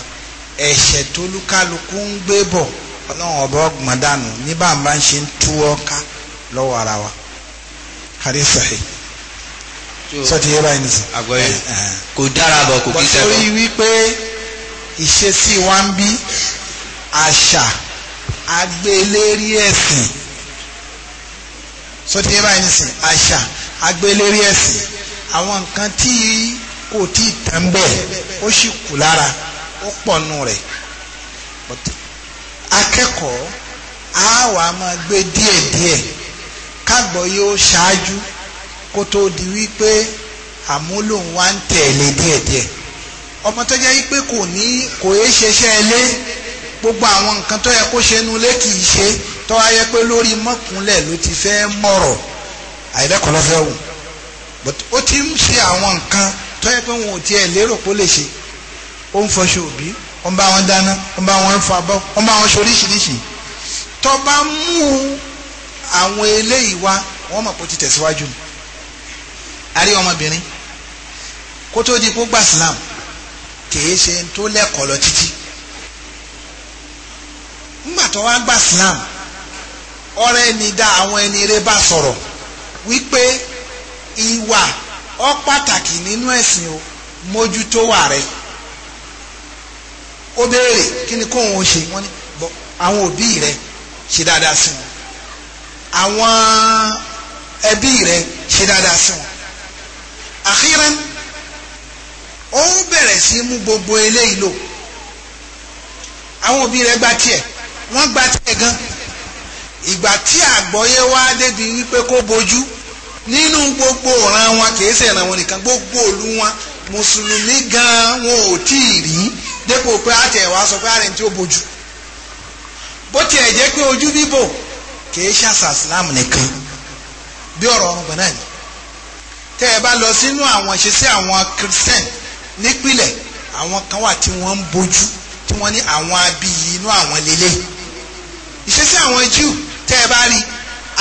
ẹ̀ṣẹ̀ tó lúkálukú ń gbé bọ̀ ọlọ́run ọba ọgbọ̀n dànù ní bá ń bá ń ṣe ń tú ọ́ ká lọ́wọ́ ara wa kárí sahih sọ ti yé báyìí nìsín. àgbọ̀yé kò dára bọ̀ kò kí sẹ́kọ̀. bọ̀sọ́rí wípé ìṣesí wa ń bí àṣà agbélérí ẹ̀sìn sọ ti yé báyìí nìsín àṣà agbélérí ẹ̀sìn àwọn nǹkan tí kò tí tán bẹ́ẹ̀ ó sì kù lára ó pọ̀ nù rẹ̀ akẹ́kọ̀ọ́ á wàá máa gbé díẹ̀díẹ̀ kágbọ́ yóò ṣáájú kó tó di wípé àmúlò ń wá ń tẹ̀lé díẹ̀díẹ̀ ọmọ tó jẹ́ wípé kò ní kò é ṣeṣẹ́ ilé gbogbo àwọn nǹkan tó yẹ kó ṣe nu ilé kì í ṣe tó wáyé pé lórí mọ́kúnlẹ̀ ló ti fẹ́ mọ̀rọ̀ àìdẹ́kọ̀ọ́ lọ́fẹ́ wù but ó ti ń ṣe àwọn nǹkan tó yẹ pé wọn ò tiẹ̀ lérò kó lè ṣe ó ń fọṣọ òbí ó ń bá wọn dáná ó ń bá wọn fọ abọ́ ó ń bá wọn ṣe oríṣiríṣi tó bá mú àwọn eléyìí wá wọ́n mọ̀ pé ó ti tẹ̀síwájú ni àrí ọmọbìnrin kó tó di kó gba Islam kìí ṣe tó lẹ́kọ̀ọ́ lọ títí ńgbà tó wá gba Islam ọ̀rẹ́ ẹni dá àwọn ẹni eré bá sọ̀rọ̀ wípé ìwà ọ pàtàkì nínú ẹ̀sìn o mójútó wà rẹ ó béèrè kí ni kóun ó ṣe wọ́n ní àwọn òbí rẹ ṣe dáadáa sí wọn àwọn ẹbí rẹ ṣe dáadáa sí wọn àkírán ó ń bẹ̀rẹ̀ sí mú gbogbo eléyìí lò àwọn òbí rẹ̀ gba tiẹ̀ wọ́n gba tiẹ̀ gan ìgbà tí àgbọ́yé wá débi wípé kó bojú nínú gbogbo ọ̀ràn wọn kì í ṣe ìran wọn nìkan gbogbo òlu wọn mùsùlùmí gan wọn ò tí ì rí dépò pé àtẹ̀wá sọ pé àrẹ̀ tí ó bojú bó tiẹ̀ jẹ́ pé ojú bíbò kì ṣàṣà islam nìkan bí ọ̀rọ̀ ọ̀run gbọ̀n náà ni tẹ́ ẹ bá lọ sínú àwọn ìṣesí àwọn christian nípìnlẹ̀ àwọn kan wà tí wọ́n ń bojú tí wọ́n ní àwọn abiyì inú àwọn lélẹ̀ ìṣesí àwọn jew tẹ́ ẹ bá rí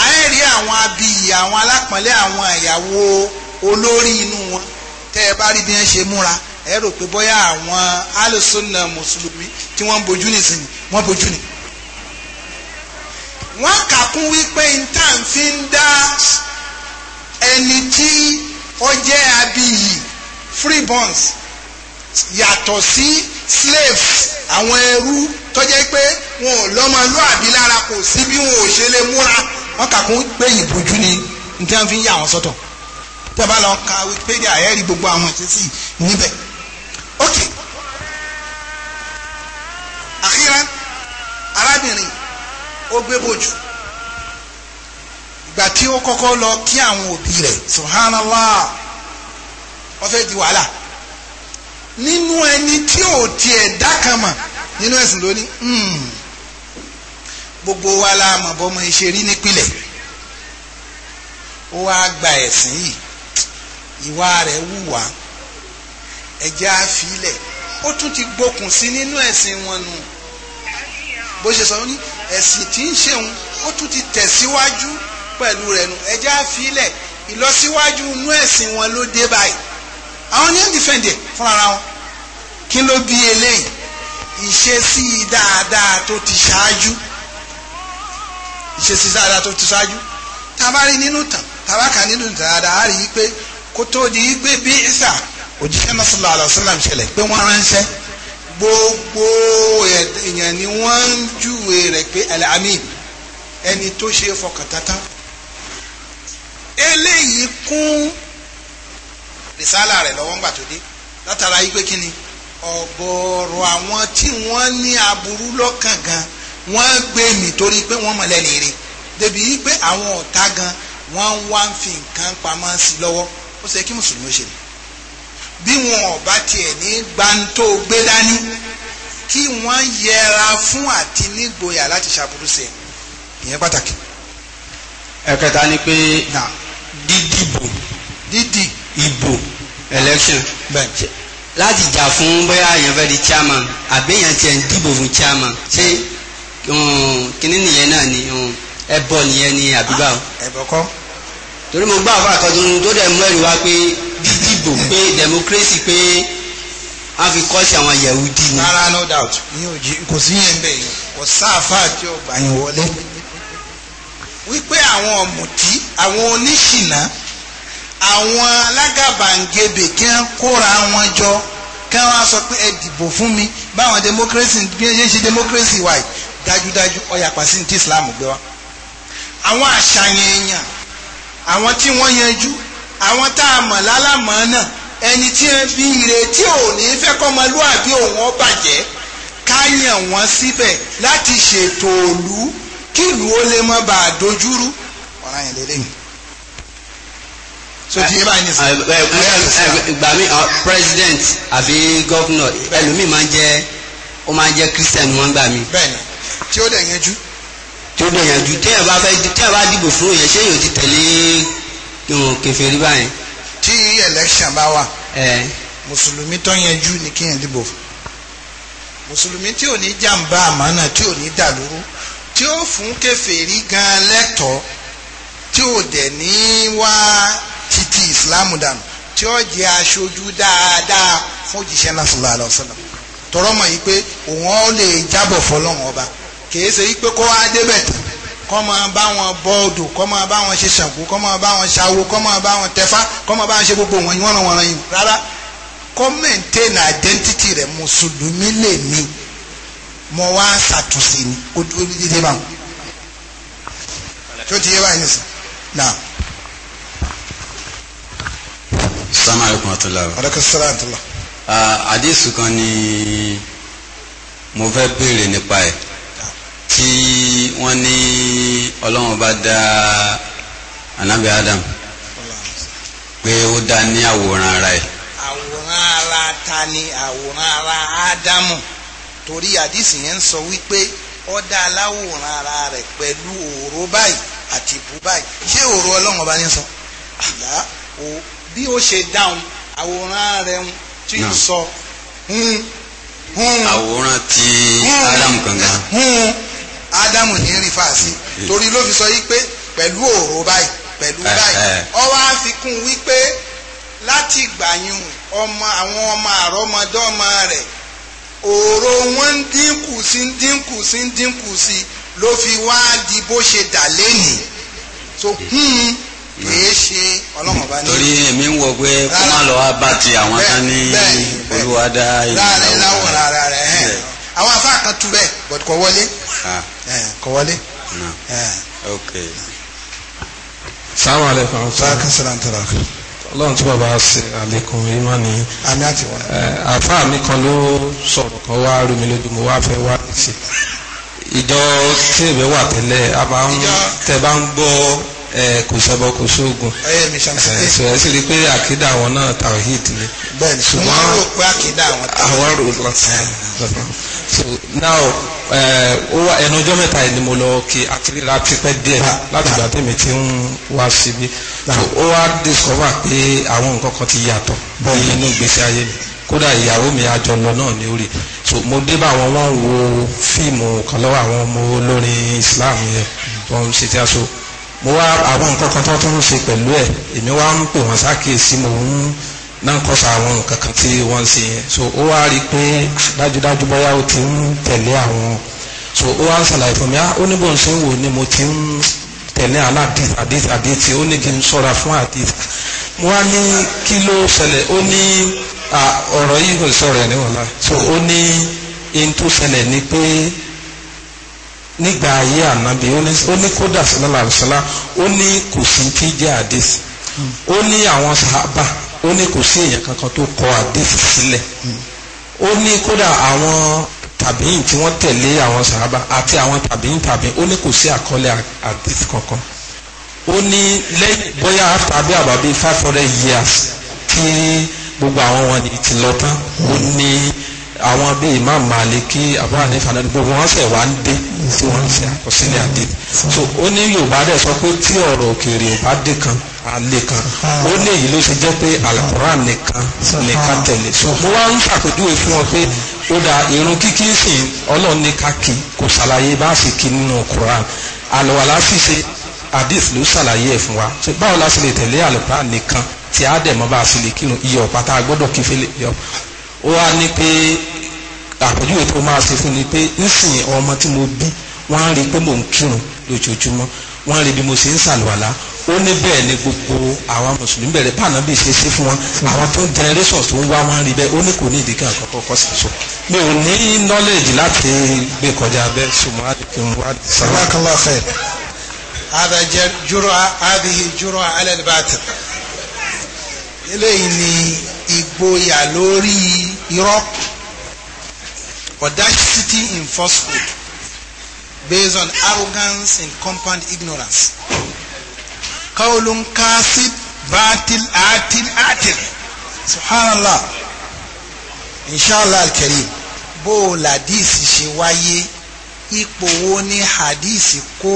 àyẹ̀ rí àwọn abiyì àwọn alápọ̀nlé àwọn ìyàwó olórí inú wọn tẹ́ ẹ bá rí bí wọ́n ṣe múra ẹ rò pé bóyá àwọn alùsùnà mùsùlùmí tí wọ́n ń bojú nìsín wọ́n bojú ni wọ́n kà wípé n tá à ń fi ń dá ẹni tí ó jẹ́ abiyì freeborns yàtọ̀ sí slaves àwọn ẹrú tó jẹ́ pé wọn ò lọ́mọlúàbí lára kò sí bí wọn ò ṣe lè múra wọn kà kún pé ìbòjú ni ní wọn fi ń yà wọn sọ́tọ̀ tí lọ ka Wikipedia ẹ rí gbogbo àwọn ìṣesí níbẹ̀ ok àkírá arábìnrin ó gbé bòjú gbà tí ó kọ́kọ́ lọ kí àwọn òbí rẹ̀ subhanallah ó fẹ́ di wàhálà nínú ẹni tí ò tiẹ̀ dákàmà nínú ẹ̀sìn lónìí hmm, gbogbo wa la mọ̀ bọ́mọ ìṣe rí nípìnlẹ̀ ó wá gba ẹ̀sìn yìí ìwà rẹ̀ wùwà ẹ̀jẹ̀ àfilẹ̀ ó tún ti gbókùn sí nínú ẹ̀sìn wọn nù bó ṣe sọ ní ẹ̀sìn tí ń ṣeun ó tún ti tẹ̀síwájú. Si pẹ̀lú rẹ̀ nu ẹjẹ́ àfilẹ̀ ìlọsíwájú inú ẹ̀sìn wọn ló dé báyìí àwọn ní ìdìfẹ̀ǹdẹ̀ fúnra wọn kí ló bí eléyìí ìṣesí dáadáa tó ti ṣáájú ìṣesí dáadáa tó ti ṣáájú tá a bá rí nínú tàn tá a bá kà nínú dáadáa á rí i pé kó tó di i bí ìsà òjíṣẹ́ náà sallallahu alaihi wasallam ṣẹlẹ̀ pé wọ́n ránṣẹ́ gbogbo èèyàn ni wọ́n ń júwe rẹ̀ pé ẹni tó ṣe fọkàntán tán eléyìí kún rìsálà rẹ̀ lọ́wọ́ ńgbà tó dé látara yìí pé kí ni ọ̀gọ̀ọ̀rọ̀ àwọn tí wọ́n ní aburú lọ́kàn gan wọ́n gbé mi torí pé wọ́n mọ̀lẹ́ nìire débi pé àwọn ọ̀tá gan wọ́n wá ń fi nǹkan pamọ́ sí lọ́wọ́ ó ṣe kí mùsùlùmí ṣe ni bí wọn ọba tiẹ̀ ní gbantó gbé dání kí wọ́n yẹra fún àti nígboyà láti ṣàbùrú sí ẹ̀ ìyẹn pàtàkì. ẹ̀kẹta ni pé dídìbò dídì ìbò election bẹ́ẹ̀ láti jà fún bóyá èèyàn fẹ́ di chairman àbí èèyàn tiẹ̀ ń dìbò fún chairman ṣé um, kínní nìyẹn náà ni um, ẹbọ nìyẹn ni àbíbá o. Ah, ẹbọ kọ́. torí mo gbá àwọn àkọ́tún tó dẹ̀ mú ẹ̀rí wá pé dídìbò pé democracy pé wọ́n fi kọ́ sí àwọn yẹ̀wù dì ní. rárá no doubt kò sí yẹn bẹ́ẹ̀ kò sáà fáà tí ó gbà yín wọlé wípé àwọn ọ̀mùtí àwọn oníṣìnà àwọn alágàbàǹgebè kí wọ́n kóra wọn jọ kí wọ́n sọ pé ẹ dìbò fún mi báwọn democracy bí wọ́n ṣe ń ṣe democracy wa yìí dájúdájú ó yapa sí ti Islam gbé wa. àwọn àṣàyàn èèyàn àwọn tí wọ́n yanjú àwọn tá a mọ̀ lálàmọ́ ẹni tí wọ́n fi ìrètí òní fẹ́ kọ́ ọmọlúwàbí òun ó bàjẹ́ ká yàn wọ́n síbẹ̀ láti ṣètò òlú kí ìlú ó lè má bàa dojúrú ọ̀ràn yẹn lélẹ́yìn so ti yé báyìí nísìnyí. ìgbà mi uh, president àbí governor ẹlòmíì máa ń jẹ ó máa ń jẹ christian wọn gbà mí. bẹ́ẹ̀ni tí ó lè yanjú. tí ó lè yanjú tí ẹ bá fẹ́ tí ẹ bá dìbò fún òye ṣé èyàn ti tẹ̀lé kèfèrí báyìí. tí election bá wà. mùsùlùmí tó yanjú ni kéèyàn dìbò fún mùsùlùmí tí ò ní jàǹbá àmánà tí ò ní dàlúrú tí ó fún kèfèrí gan lẹ́tọ̀ọ́ tí ó dẹ̀ ní wá títí ìsìláàmù dànù tí ó jẹ́ aṣojú dáadáa fún òjíṣẹ́ náà sallallahu alaihi wasallam tọrọ mọ̀ yìí pé òun ó lè jábọ̀ fọlọ́run ọba kìí ṣe yìí pé kó wá débẹ̀ tán kọ́ máa bá wọn bọ́ odò kọ́ máa bá wọn ṣe ṣàǹkó kọ́ máa bá wọn ṣàwo kọ́ máa bá wọn tẹfá kọ́ máa bá wọn ṣe gbogbo wọn yìí wọ́n ràn wọ́n ràn yìí rárá kọ́ maintain identity rẹ̀ mùsùlùmí lè ní mo wá ṣàtúnṣe ni ó dúró bí dídé báwọn tó ti yé báyìí nìsín náà. salamu alaykum wa rahmatulah. wa rahmatulah salaam tula. àdìsù kan ni mo fẹ́ béèrè nípa ẹ̀ tí wọ́n ní ọlọ́run bá dá anabi adam pé ó dá ní àwòrán ara ẹ̀. àwòrán ara ta ni àwòrán ara ádámù torí àdìsí yẹn ń sọ wípé ọ̀dà aláwòrán ara rẹ̀ pẹ̀lú òòró báyìí àti ìbú báyìí ṣé òòró ọlọ́run ọba ní sọ àlá o bí ó ṣe dáhùn àwòrán rẹ̀ ń tí ń sọ àwòrán ti ádámù gangan ádámù ní rí fàásì hmm. torí ló fi sọ yìí pé pẹ̀lú òòró báyìí pẹ̀lú eh, báyìí ọwọ́ eh. àfikún wípé láti gbàyàn ọmọ àwọn ọmọ àrọ́mọdọ́mọ rẹ̀ òòró wọn ń dínkù sí ń dínkù sí ń dínkù sí ló fi wá di bó ṣe dà lẹ́nìí so hún kìí ṣe ọlọ́mọ bá ní. torí èmi ń wọ pé kó má lọ wá bá ti àwọn kan ní olúwa dá ìlàwọ̀ rárá rẹ̀ àwọn afá kan tu bẹ́ẹ̀ but kò wọlé ah. kò wọlé. ok. sàmúlẹ̀ fún àwọn. sàkàsàlà ń tẹ̀lé àkàrà ọlọ́run tí bàbá ṣe àlékún ìmánì àmì àti wọn. àfa mi kan ló sọ̀rọ̀ kan wá rú mi lójú mo wá fẹ́ wá ìṣe ìjọ tí èmi wà tẹ́lẹ̀ a máa ń tẹ́ bá ń gbọ́ ẹ kò ṣẹbọ kò ṣoògùn ẹ sọ ẹ sì rí i pé àkídà àwọn náà tawhid ni. bẹ́ẹ̀ni ṣùgbọ́n àwọn rò pé so now ó wá ẹnu ọjọ́ mẹ́ta yìí ni mo lọ kí akiri láti pẹ́ díẹ̀ láti gbà tèmi tí ń wá síbi ó wá discover pé àwọn nǹkan kan ti yàtọ̀ bí inú ìgbésí ayé mi kódà ìyàwó mi àjọlọ náà ní orí so mo débà àwọn wọn wo fíìmù kan lọ́wọ́ àwọn ọmọ olórin Islam yẹn wọn ṣe tí a so mo wá àwọn nǹkan kan tó tún ń ṣe pẹ̀lú ẹ̀ èmi wá ń pè wọ́n sákèésí mo ń náà kọ́sà àwọn nǹkan kan tí wọ́n ń ṣe yẹn so ó wá rí i pé dájúdájú bóyá ó ti ń tẹ̀lé àwọn so ó wá ń ṣàlàyé fún mi á ah, ó ní bó ń ṣe ń wò ni mo ti ń tẹ̀lé aládìs àdìs àdìs ó ní kí n ṣọ́ra fún àdìs mo wá ní kí ló ṣẹlẹ̀ ó ní ah, ọ̀rọ̀ yìí kò sọ̀rọ̀ ẹ̀ níwọ̀n náà so ó ní in tó ṣẹlẹ̀ ni pé nígbà ayé ànábi ó ní kódà sọlá àbùsọlá ó ní kò sí tí jẹ́ àdéhùn ó ní àwọn sàábà ó ní kò sí èèyàn kankan tó kọ àdéhùn sílẹ̀ ó ní kódà àwọn tàbíyìn tí wọ́n tẹ̀lé àwọn sàábà àti àwọn tàbíyìn tàbíyìn ó ní kò sí àkọọ́lẹ̀ àdéhùn kankan ó ní lẹ́yìn bóyá tàbí àbàbí five hundred years tí gbogbo àwọn wọn ti lọ tán ó ní àwọn bíi imam maliki abu hanifa náà gbogbo wọn ṣe wá ń dé tí wọn ṣe àkọsílẹ̀ àdé so ó ní yorùbá dẹ̀ sọ pé tí ọ̀rọ̀ òkèèrè ò bá dé kan alẹ́ kan ó ní èyí ló ṣe jẹ́ pé alukoran nìkan nìkan tẹ̀lé so mo wá ń ṣàpèjúwe fún ọ pé ó da irun kíkí sí ọlọ́run ní kákì kò ṣàlàyé bá sì kí nínú koran àlùwàlá ṣíṣe hadith ló ṣàlàyé ẹ̀ fún wa báwo la ṣe lè tẹ̀lé alukoran nìkan tí a dẹ̀ mọ́ bá a ṣe lè kí ó wá ní pé àpèjúwe tó máa ṣe fún ni pé nísìnyí ọmọ tí mo bí wọ́n á rí i pé mò ń kírun lójoojúmọ́ wọ́n á rí i bí mo ṣe ń ṣàlùwàlá ó ní bẹ́ẹ̀ ni gbogbo àwọn mùsùlùmí bẹ̀rẹ̀ pàànà bí ṣe ṣe fún wọn àwọn tó ń generations tó ń wá wọn rí bẹ́ẹ̀ ó ní kò ní ìdíkà àkọ́kọ́ kọ́ sí so mi ò ní knowledge láti gbé kọjá bẹ́ẹ̀ ṣùgbọ́n àdìkún wa. sàlákàlá khair. هذا جرعة هذه جرعة على الباطل eléyìí ni ìgboyà lórí irọ́ audacity in falsehood based on arrogance and compound ignorance kaulun kasib batil atil atil subhanallah inshallah alkarim bó ladíìsì ṣe wáyé ipò wo ni hadíìsì kó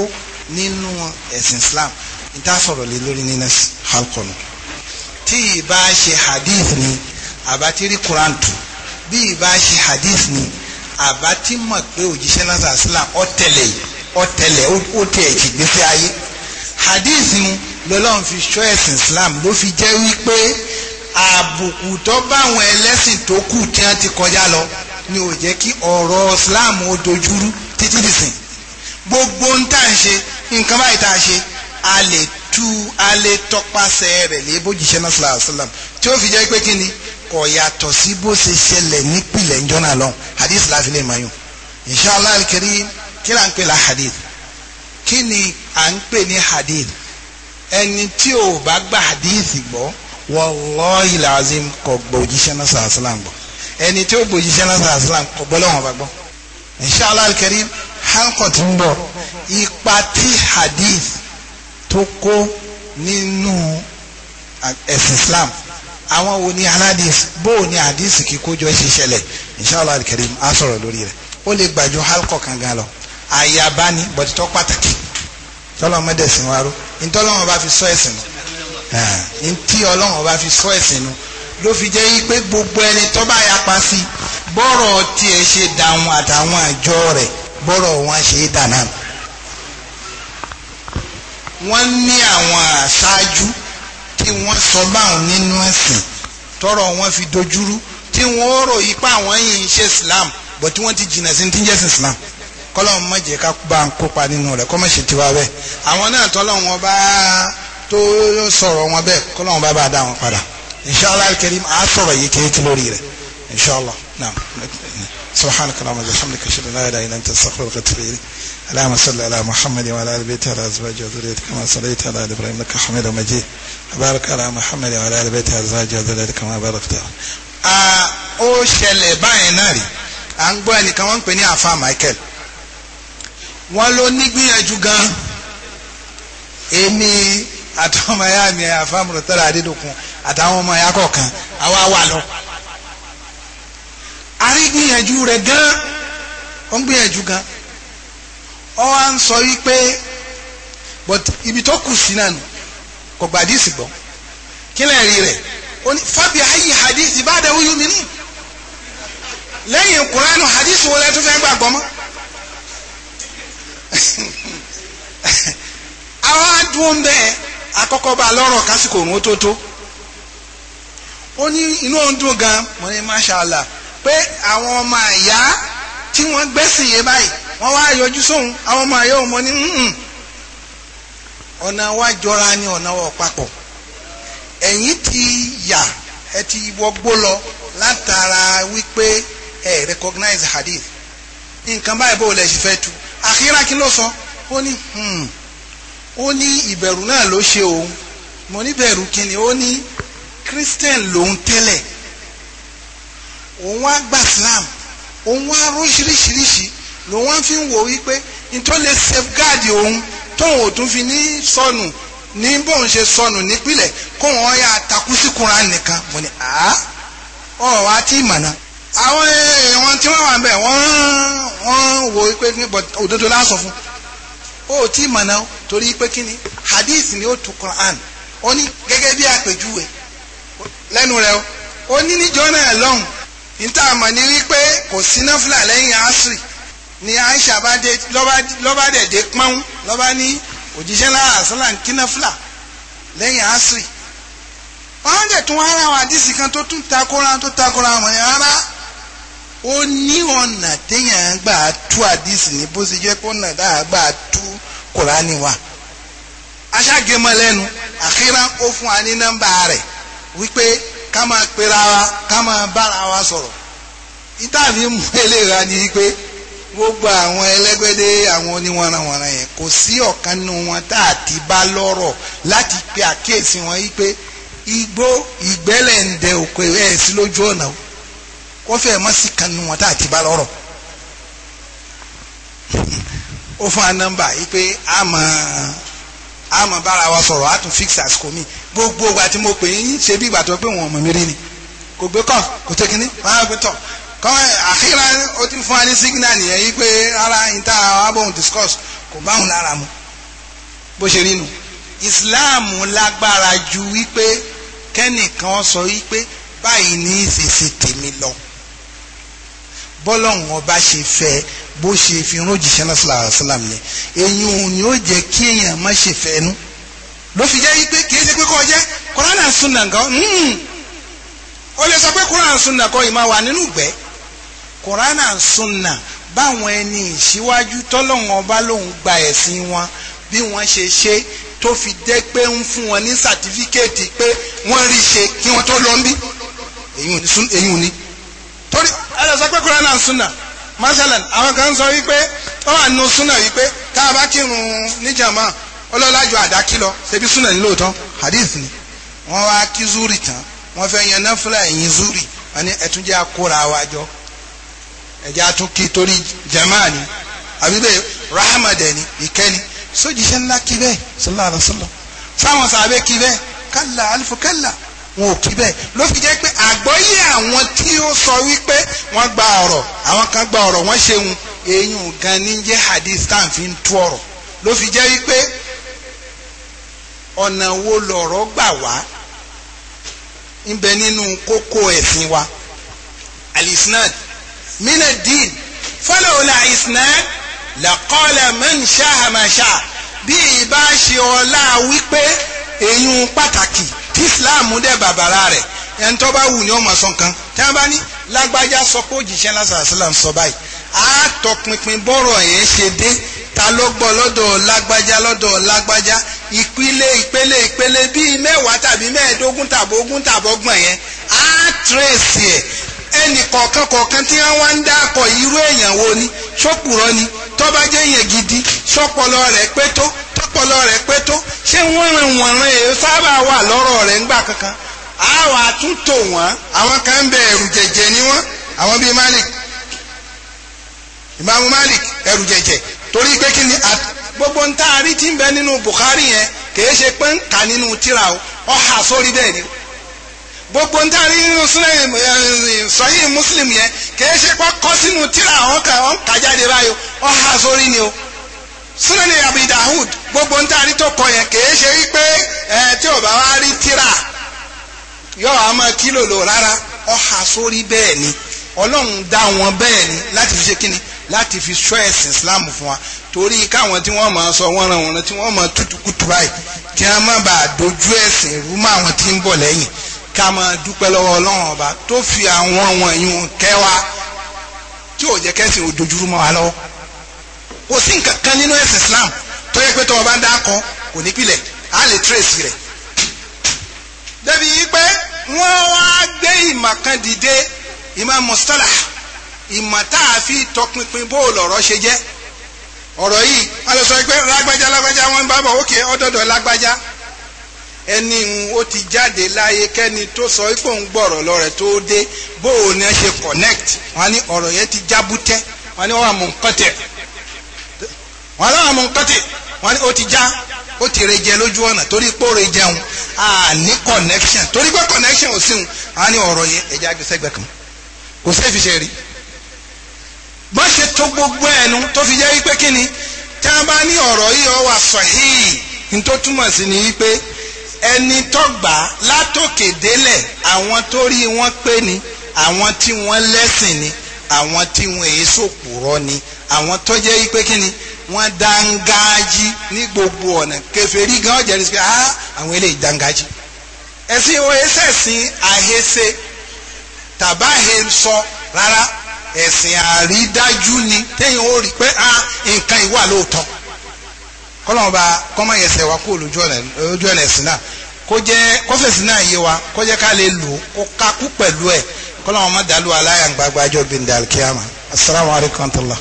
nínú ẹ̀sìn islam ìtàsọ̀rọ̀ lé lórí nínú halkọ̀nù tí ìbá ṣe hadith ni àbá ti rí Quran tù bí ìbá ṣe hadith ni àbá ti mọ̀ pé òjíṣẹ́ náà sàṣìlá ọ̀tẹ̀lẹ̀ ọ̀tẹ̀lẹ̀ ó tẹ̀ ẹ̀jì gbèsè ayé hadith ni lọ́lọ́run fi ṣọ́ ẹ̀sìn Islam ló fi jẹ́ wípé àbùkù tó báwọn ẹlẹ́sìn tó kù tí wọ́n ti kọjá lọ ni ò jẹ́ kí ọ̀rọ̀ Islam ó dojúrú títí dìsìn gbogbo ń tà ń ṣe nǹkan báyìí tà ń ṣe a lè ju alẹ́ tọpasẹ̀ rẹ̀ ní ebójìṣẹ́ náà sàlá àṣàlám tí ó fi jẹ́ pé kí ni kò yàtọ̀ sí bó ṣe ṣẹlẹ̀ nípìnlẹ̀ njọ́nà lọ hadith láfi lè máa yùn inshallah alikiri kí là ń pè la hadith kí ni à ń pè ní hadith ẹni tí ò bá gba hadith gbọ́ wallahi lazim kò gbọ́ òjíṣẹ́ náà sàlá àṣàlám gbọ́ ẹni tí ó gbọ́ òjíṣẹ́ náà sàlá àṣàlám kò gbọ́ lọ́wọ́n inshallah alikiri halkot ń bọ̀ ipa ti tó kó nínú ẹ̀sìn Islam àwọn wo ni aládìs bó ni ní àdìsí kíkójọ ṣe ṣẹlẹ̀ inshallah alkarim á sọ̀rọ̀ lórí rẹ̀ ó lè gbàjọ halkọ̀ kan gan lọ àyàbá ni bọ̀dítọ́ pàtàkì tọ́lọ́ mọ́dẹ̀sìn wa ró ntọ́lọ́wọ́n bá fi sọ ẹ̀sìn nu ntí ọlọ́wọ́n bá fi sọ ẹ̀sìn nu ló fi jẹ́ yí pé gbogbo ẹni tó bá yapa sí bọ́rọ̀ tiẹ̀ ṣe dàwọn àtàwọn àjọ rẹ̀ bọ́rọ̀ wọn ṣe é dà náà wọ́n ní àwọn àṣáájú tí wọ́n sọ báwọn nínú ẹ̀sìn tọrọ wọn fi dojúrú tí wọ́n rò ipá àwọn yìí ń ṣe Islam bọ̀ tí wọ́n ti jìnnà sí ti ń jẹ́sìn Islam kọ́lọ́n má jẹ́ ká bá ń kópa nínú rẹ̀ kọ́mọ̀ ṣe tiwa bẹ́ẹ̀ àwọn náà tọ́lọ́n wọn bá tó sọ̀rọ̀ wọn bẹ́ẹ̀ kọ́lọ́n bá bá dá wọn padà inshallah alkarim a sọ̀rọ̀ yìí kéétí lórí rẹ̀ inshallah naam subhanaka allahumma wa bihamdika ashhadu an la ilaha illa anta astaghfiruka wa atubu ilayk اللهم صل على محمد وعلى ال بيته وعلى ازواجه وذريته كما صليت على ال ابراهيم انك حميد مجيد وبارك على محمد وعلى ال بيته وازواجه وذريته كما باركت على ó ṣẹlẹ̀ báyìí náà rí à ń gbọ́ ẹnìkan wọ́n ń pè ní àfa Michael wọ́n ló nígbìyànjú gan èmi àtọmọ ya mi àfa mùrọ̀tẹ́rà Adédòkun àtàwọn ọmọ ya kọ̀ọ̀kan àwa wà lọ arígbìyànjú rẹ̀ gan ó ń gbìyànjú gan ọ wá ń sọ wípé but ibi tó kù sí náà nù kò gba àdìsí gbọ́ kí lè rí rẹ̀ ó ní fábíà ayé àdìsí bá dẹ̀ wúyú mi nù lẹ́yìn kùránù àdìsí wo lẹ́ tó fẹ́ gbàgbọ́ mọ́ àwọn adùn ń bẹ́ẹ̀ akọ́kọ́ bá lọ́rọ̀ kásìkò òun ó tó tó ó ní inú òun dùn gan mo ní masha Allah pé àwọn ọmọ àyà tí wọ́n gbẹ́sìn yé báyìí wọ́n wá yọjú sóhun àwọn ọmọ àyè ọmọ ní hmm, hmm. ọ̀nà wa jọra ni ọ̀nà wa papọ̀ ẹ̀yin ti yà ẹ ti wọgbó lọ látara wípé ẹ recognize hadith nǹkan báyìí bó o lè ṣe fẹ́ tu àkírá kí ló sọ ó ní hmm. ó ní ìbẹ̀rù náà ló ṣe òun mo ní bẹ̀rù kí ni ó ní christian lòun tẹ́lẹ̀ òun wá gba islam òun wá oríṣiríṣiríṣi lòun wá fi ń wò wípé nítorí lè safeguard òun tóun ò tún fi ní sọnù ní bóun ṣe sọnù nípìnlẹ̀ kóun ọ̀ya takú sí Kùránì nìkan mo ní àá ọ̀ wá tí mọ̀nà. àwọn èèyàn tí wọ́n wà ń bẹ̀ wọ́n wọ́n wò wípé òdodo la sọ fún ó tí mọ̀nà torí pé kí ni hadith ni ó tu Kùránì ó ní gẹ́gẹ́ bí àpèjúwe lẹ́nu rẹ̀ ó ní níjọ́ náà lọ́hùn níta àmọ́ ni wípé kò sí náfìlà lẹ́yìn asiri ni Aisha bá dé lọ́ba dẹ̀ dé pọ́n lọ́ba ní òjíṣẹ́ lára àsálà ń kí náfìlà lẹ́yìn asiri wọ́n dẹ̀ tún ara àwọn àdìsí kan tó tún takora tó takora àwọn yẹn rárá ó ní ọ̀nà téèyàn gbà tú àdìsí ní bó ṣe jẹ́ pé ọ̀nà dáa gbà tú kùránì wa aṣáájú ẹmọ lẹ́nu àkírá ó fún wa ní nọ́mbà rẹ̀ wípé ká máa pera wa ká máa bára wa sọ̀rọ̀ ìtàbí mú eléra ni pé gbogbo àwọn ẹlẹ́gbẹ́dẹ́ àwọn oníwọ̀nranwọ̀nran yẹn kò sí ọ̀kan nínú wọn tá a ti bá lọ́rọ̀ láti pe àkíyèsí wọn yìí pé igbó ìgbẹ́lẹ̀ ń dẹ òkú ẹ̀ sí lójú ọ̀nà o kó fẹ́ mọ́ sí kan nínú wọn tá a ti bá lọ́rọ̀ ó fún wa nọ́mbà yìí pé a máa a máa bára wa sọ̀rọ̀ a tún fix àsìkò mi gbogbo ìgbà tí mo pè yín ṣe bí ìgbà tó pé wọn ọmọ mi rí ni kò gbé kọ kò tẹ kínní wọn á gbé tọ kọ àkírà ó ti fún wa ní signal nìyẹn yí pé ara yín tá a bọ̀ ń discuss kò bá òun lára mu bó ṣe rí nu Islam lágbára ju wípé kẹ́nìkan sọ wípé báyìí ní ìṣèṣe tèmi lọ bọ́lọ́hún ọba ṣe fẹ́ bó ṣe fi irun òjìṣẹ́ náà ni eyín òun ni ó jẹ́ kí èèyàn má ṣe fẹ́nu ló fi jẹ́ pé kì í ṣe pé kọ́ jẹ́ kọ́ránà sunna nǹkan ó lè sọ pé kọ́ránà sunna kọ́ ìmọ̀ wà nínú ìgbẹ́ kọ́ránà sunna báwọn ẹni ìṣíwájú tọ́lọ́wọ́n ọba lòun gba ẹ̀sìn wọn bí wọ́n ṣe ṣe tó fi jẹ́ pé ń fún wọn ní sàtífíkẹ́ẹ̀tì pé wọ́n rí ṣe kí wọ́n tó lọ ń bí èyí ò torí ẹ lè sọ pé kọ́ránà sunna masalan àwọn kan sọ wípé ó wà nínú súnà wípé tá a bá kírun níjàmá ọlọ́lájọ àdákí lọ ṣebí súnà ní lóòótọ́ hadith ni wọ́n wá kí zuri tán wọ́n fẹ́ yan náfúlà ẹ̀yìn zuri wọ́n ní ẹ̀tún jẹ́ akóra wa jọ ẹ̀jẹ̀ àtúnkì torí jamaa ni àbí bẹ́ẹ̀ rahmadẹ ni ìkẹ́ni sójìṣẹ́ ńlá kí bẹ́ẹ̀ sallallahu alaihi wasallam fáwọn sàbẹ̀ kí bẹ́ẹ̀ kálá alifu kálá wọn ò kí bẹ́ẹ̀ ló fi jẹ́ pé àgbọ́yé àwọn tí ó sọ wípé wọ́n gba ọ̀rọ̀ àwọn kan gba ọ̀rọ̀ wọ́n ṣeun eyín gan ní jẹ́ hadith tá à ń fi ń tú ọ̀rọ̀ ló fi jẹ́ wípé ọ̀nà wo lọ̀rọ̀ gbà wá ń bẹ nínú kókó ẹ̀sìn wa alisnad mina din fọlọ́ọ̀lá isnad laqala man sha'a ma sha'a bí ìbá ṣe ọlá wípé èyún pàtàkì tí islam dẹ̀ bàbàrà rẹ̀ ẹni tó bá wù ní ọmọ sọ nǹkan tí wọ́n bá ní lágbájá sọ pé òjìṣẹ́ lásán islam sọ báyìí á tọpinpin bọ́rọ̀ yẹn ṣe dé ta ló gbọ́ lọ́dọ̀ lágbájá lọ́dọ̀ lágbájá ìpele ìpele ìpele bíi mẹ́wàá tàbí mẹ́ẹ̀ẹ́dógún tàbógún tàbọ́gbọ̀n yẹn á tírèsì ẹ̀ ẹnì kọ̀ọ̀kan kọ̀ọ̀kan tí wọ́n wá ń dákọ̀ irú èèyàn wo ni ṣókùrọ̀ ni tó bá gidi ṣọ́pọlọ rẹ̀ pé tó ọpọlọ rẹ pé tó ṣé wọ́n rìn wọ̀n rìn sábà wà lọ́rọ̀ rẹ̀ ńgbà kankan wọn àwọn kan ń bẹ ni wọn àwọn bíi Malik Imaamu Malik ẹ̀rù jẹ̀jẹ̀ torí pé gbogbo ń tá a rí tí ń bẹ nínú Bukhari yẹn kìí ṣe pé ń kà nínú tíra o ọ gbogbo ń tá a rí nínú sọyìn eh, Muslim yẹn kìí ṣe pé sínú tíra kà jáde báyìí ọ hà súnani Abi Dawud gbogbo ń tàrí tó kọ yẹn kìí ṣe wípé ẹ tí ò bá wá rí tíra yóò á máa kílò lò rárá ọ̀hà sórí bẹ́ẹ̀ ni ọlọ́run dá wọn bẹ́ẹ̀ ni láti fi ṣe kíni láti fi sọ ẹ̀sìn Islam fún wa torí káwọn tí wọ́n máa sọ wọ́n ran wọn tí wọ́n máa tutukutu báyìí kí wọ́n má bàa dojú ẹ̀sìn rú mọ́ àwọn tí ń bọ̀ lẹ́yìn ká máa dúpẹ́ lọ́wọ́ ọlọ́run ọba tó fi àwọn wọ̀nyí kẹ́ wa tí ò jẹ́ kẹ́sìn ò dojúrú mọ́ wa lọ́wọ́ kò sí nǹkan kan nínú ẹ̀sìn Islam tó yẹ pé tọ́wọ́ bá dá kọ kò ní pilẹ̀ á lè trace rẹ̀ débi wípé wọ́n wá gbé ìmọ̀ kan dìde ìmọ̀ mustalah ìmọ̀ tá a fi tọpinpin bó lọ̀rọ̀ ṣe jẹ́ ọ̀rọ̀ yìí a lè sọ pé lágbájá lágbájá wọ́n bá bọ̀ ókè ọ̀dọ̀dọ̀ lágbájá ẹni ó ti jáde láyé kẹ́ni tó sọ pé òun gbọ̀rọ̀ lọ́rẹ̀ tó dé bó o ní ṣe connect wọ́n ní ọ̀rọ̀ yẹn ti jábútẹ́ wọ́n ní wọ́n wà mú nǹkan tẹ̀ wọn aláwọ̀ mú kọ́tì wọn ni ó ti já ó ti re jẹ lójú ọ̀nà torí pé re jẹun a ní connection torí pé connection ò síhun a ní ọ̀rọ̀ yẹn ẹ̀jẹ̀ agbésẹ́gbẹ̀ kan kò sí èfiṣẹ́ rí bó ṣe tó gbogbo ẹnu tó fi jẹ́ wípé kí ni tí a bá ní ọ̀rọ̀ yìí ọ wà sọ̀híì ní tó túmọ̀ sí ni wípé ẹni tọ́gbà látòkè délẹ̀ àwọn tó rí wọn pé ni àwọn tí wọ́n lẹ́sìn ni àwọn tí wọ́n èé sòpùrọ́ ni àwọn tó jẹ́ wípé kí ni wọ́n dangaji ní gbogbo ọ̀nà kèfèrí gan ọ̀jẹ̀ ní sẹ́ ah àwọn eléyìí dangaji ẹ̀sìn oẹ́sẹ̀sìn àhẹsẹ tàbáhẹ sọ rárá ẹ̀sìn àrídájú ni téèyàn ó rí pé ah nǹkan ìwà lóòótọ́ kọ́lọ́mọba kọ́mọ̀yẹsẹ̀ wa kó lójú ọ̀nà ẹ̀sìn náà kó jẹ́ kọ́fẹ̀sì náà yé wa kó jẹ́ ká lè lò kó kakú pẹ̀lú ẹ̀ kọ́lọ́mọ má dàlú aláyàngbágbájọ́ bíi ndàlkíyàmà asalaamualeykum wa rahmatulah.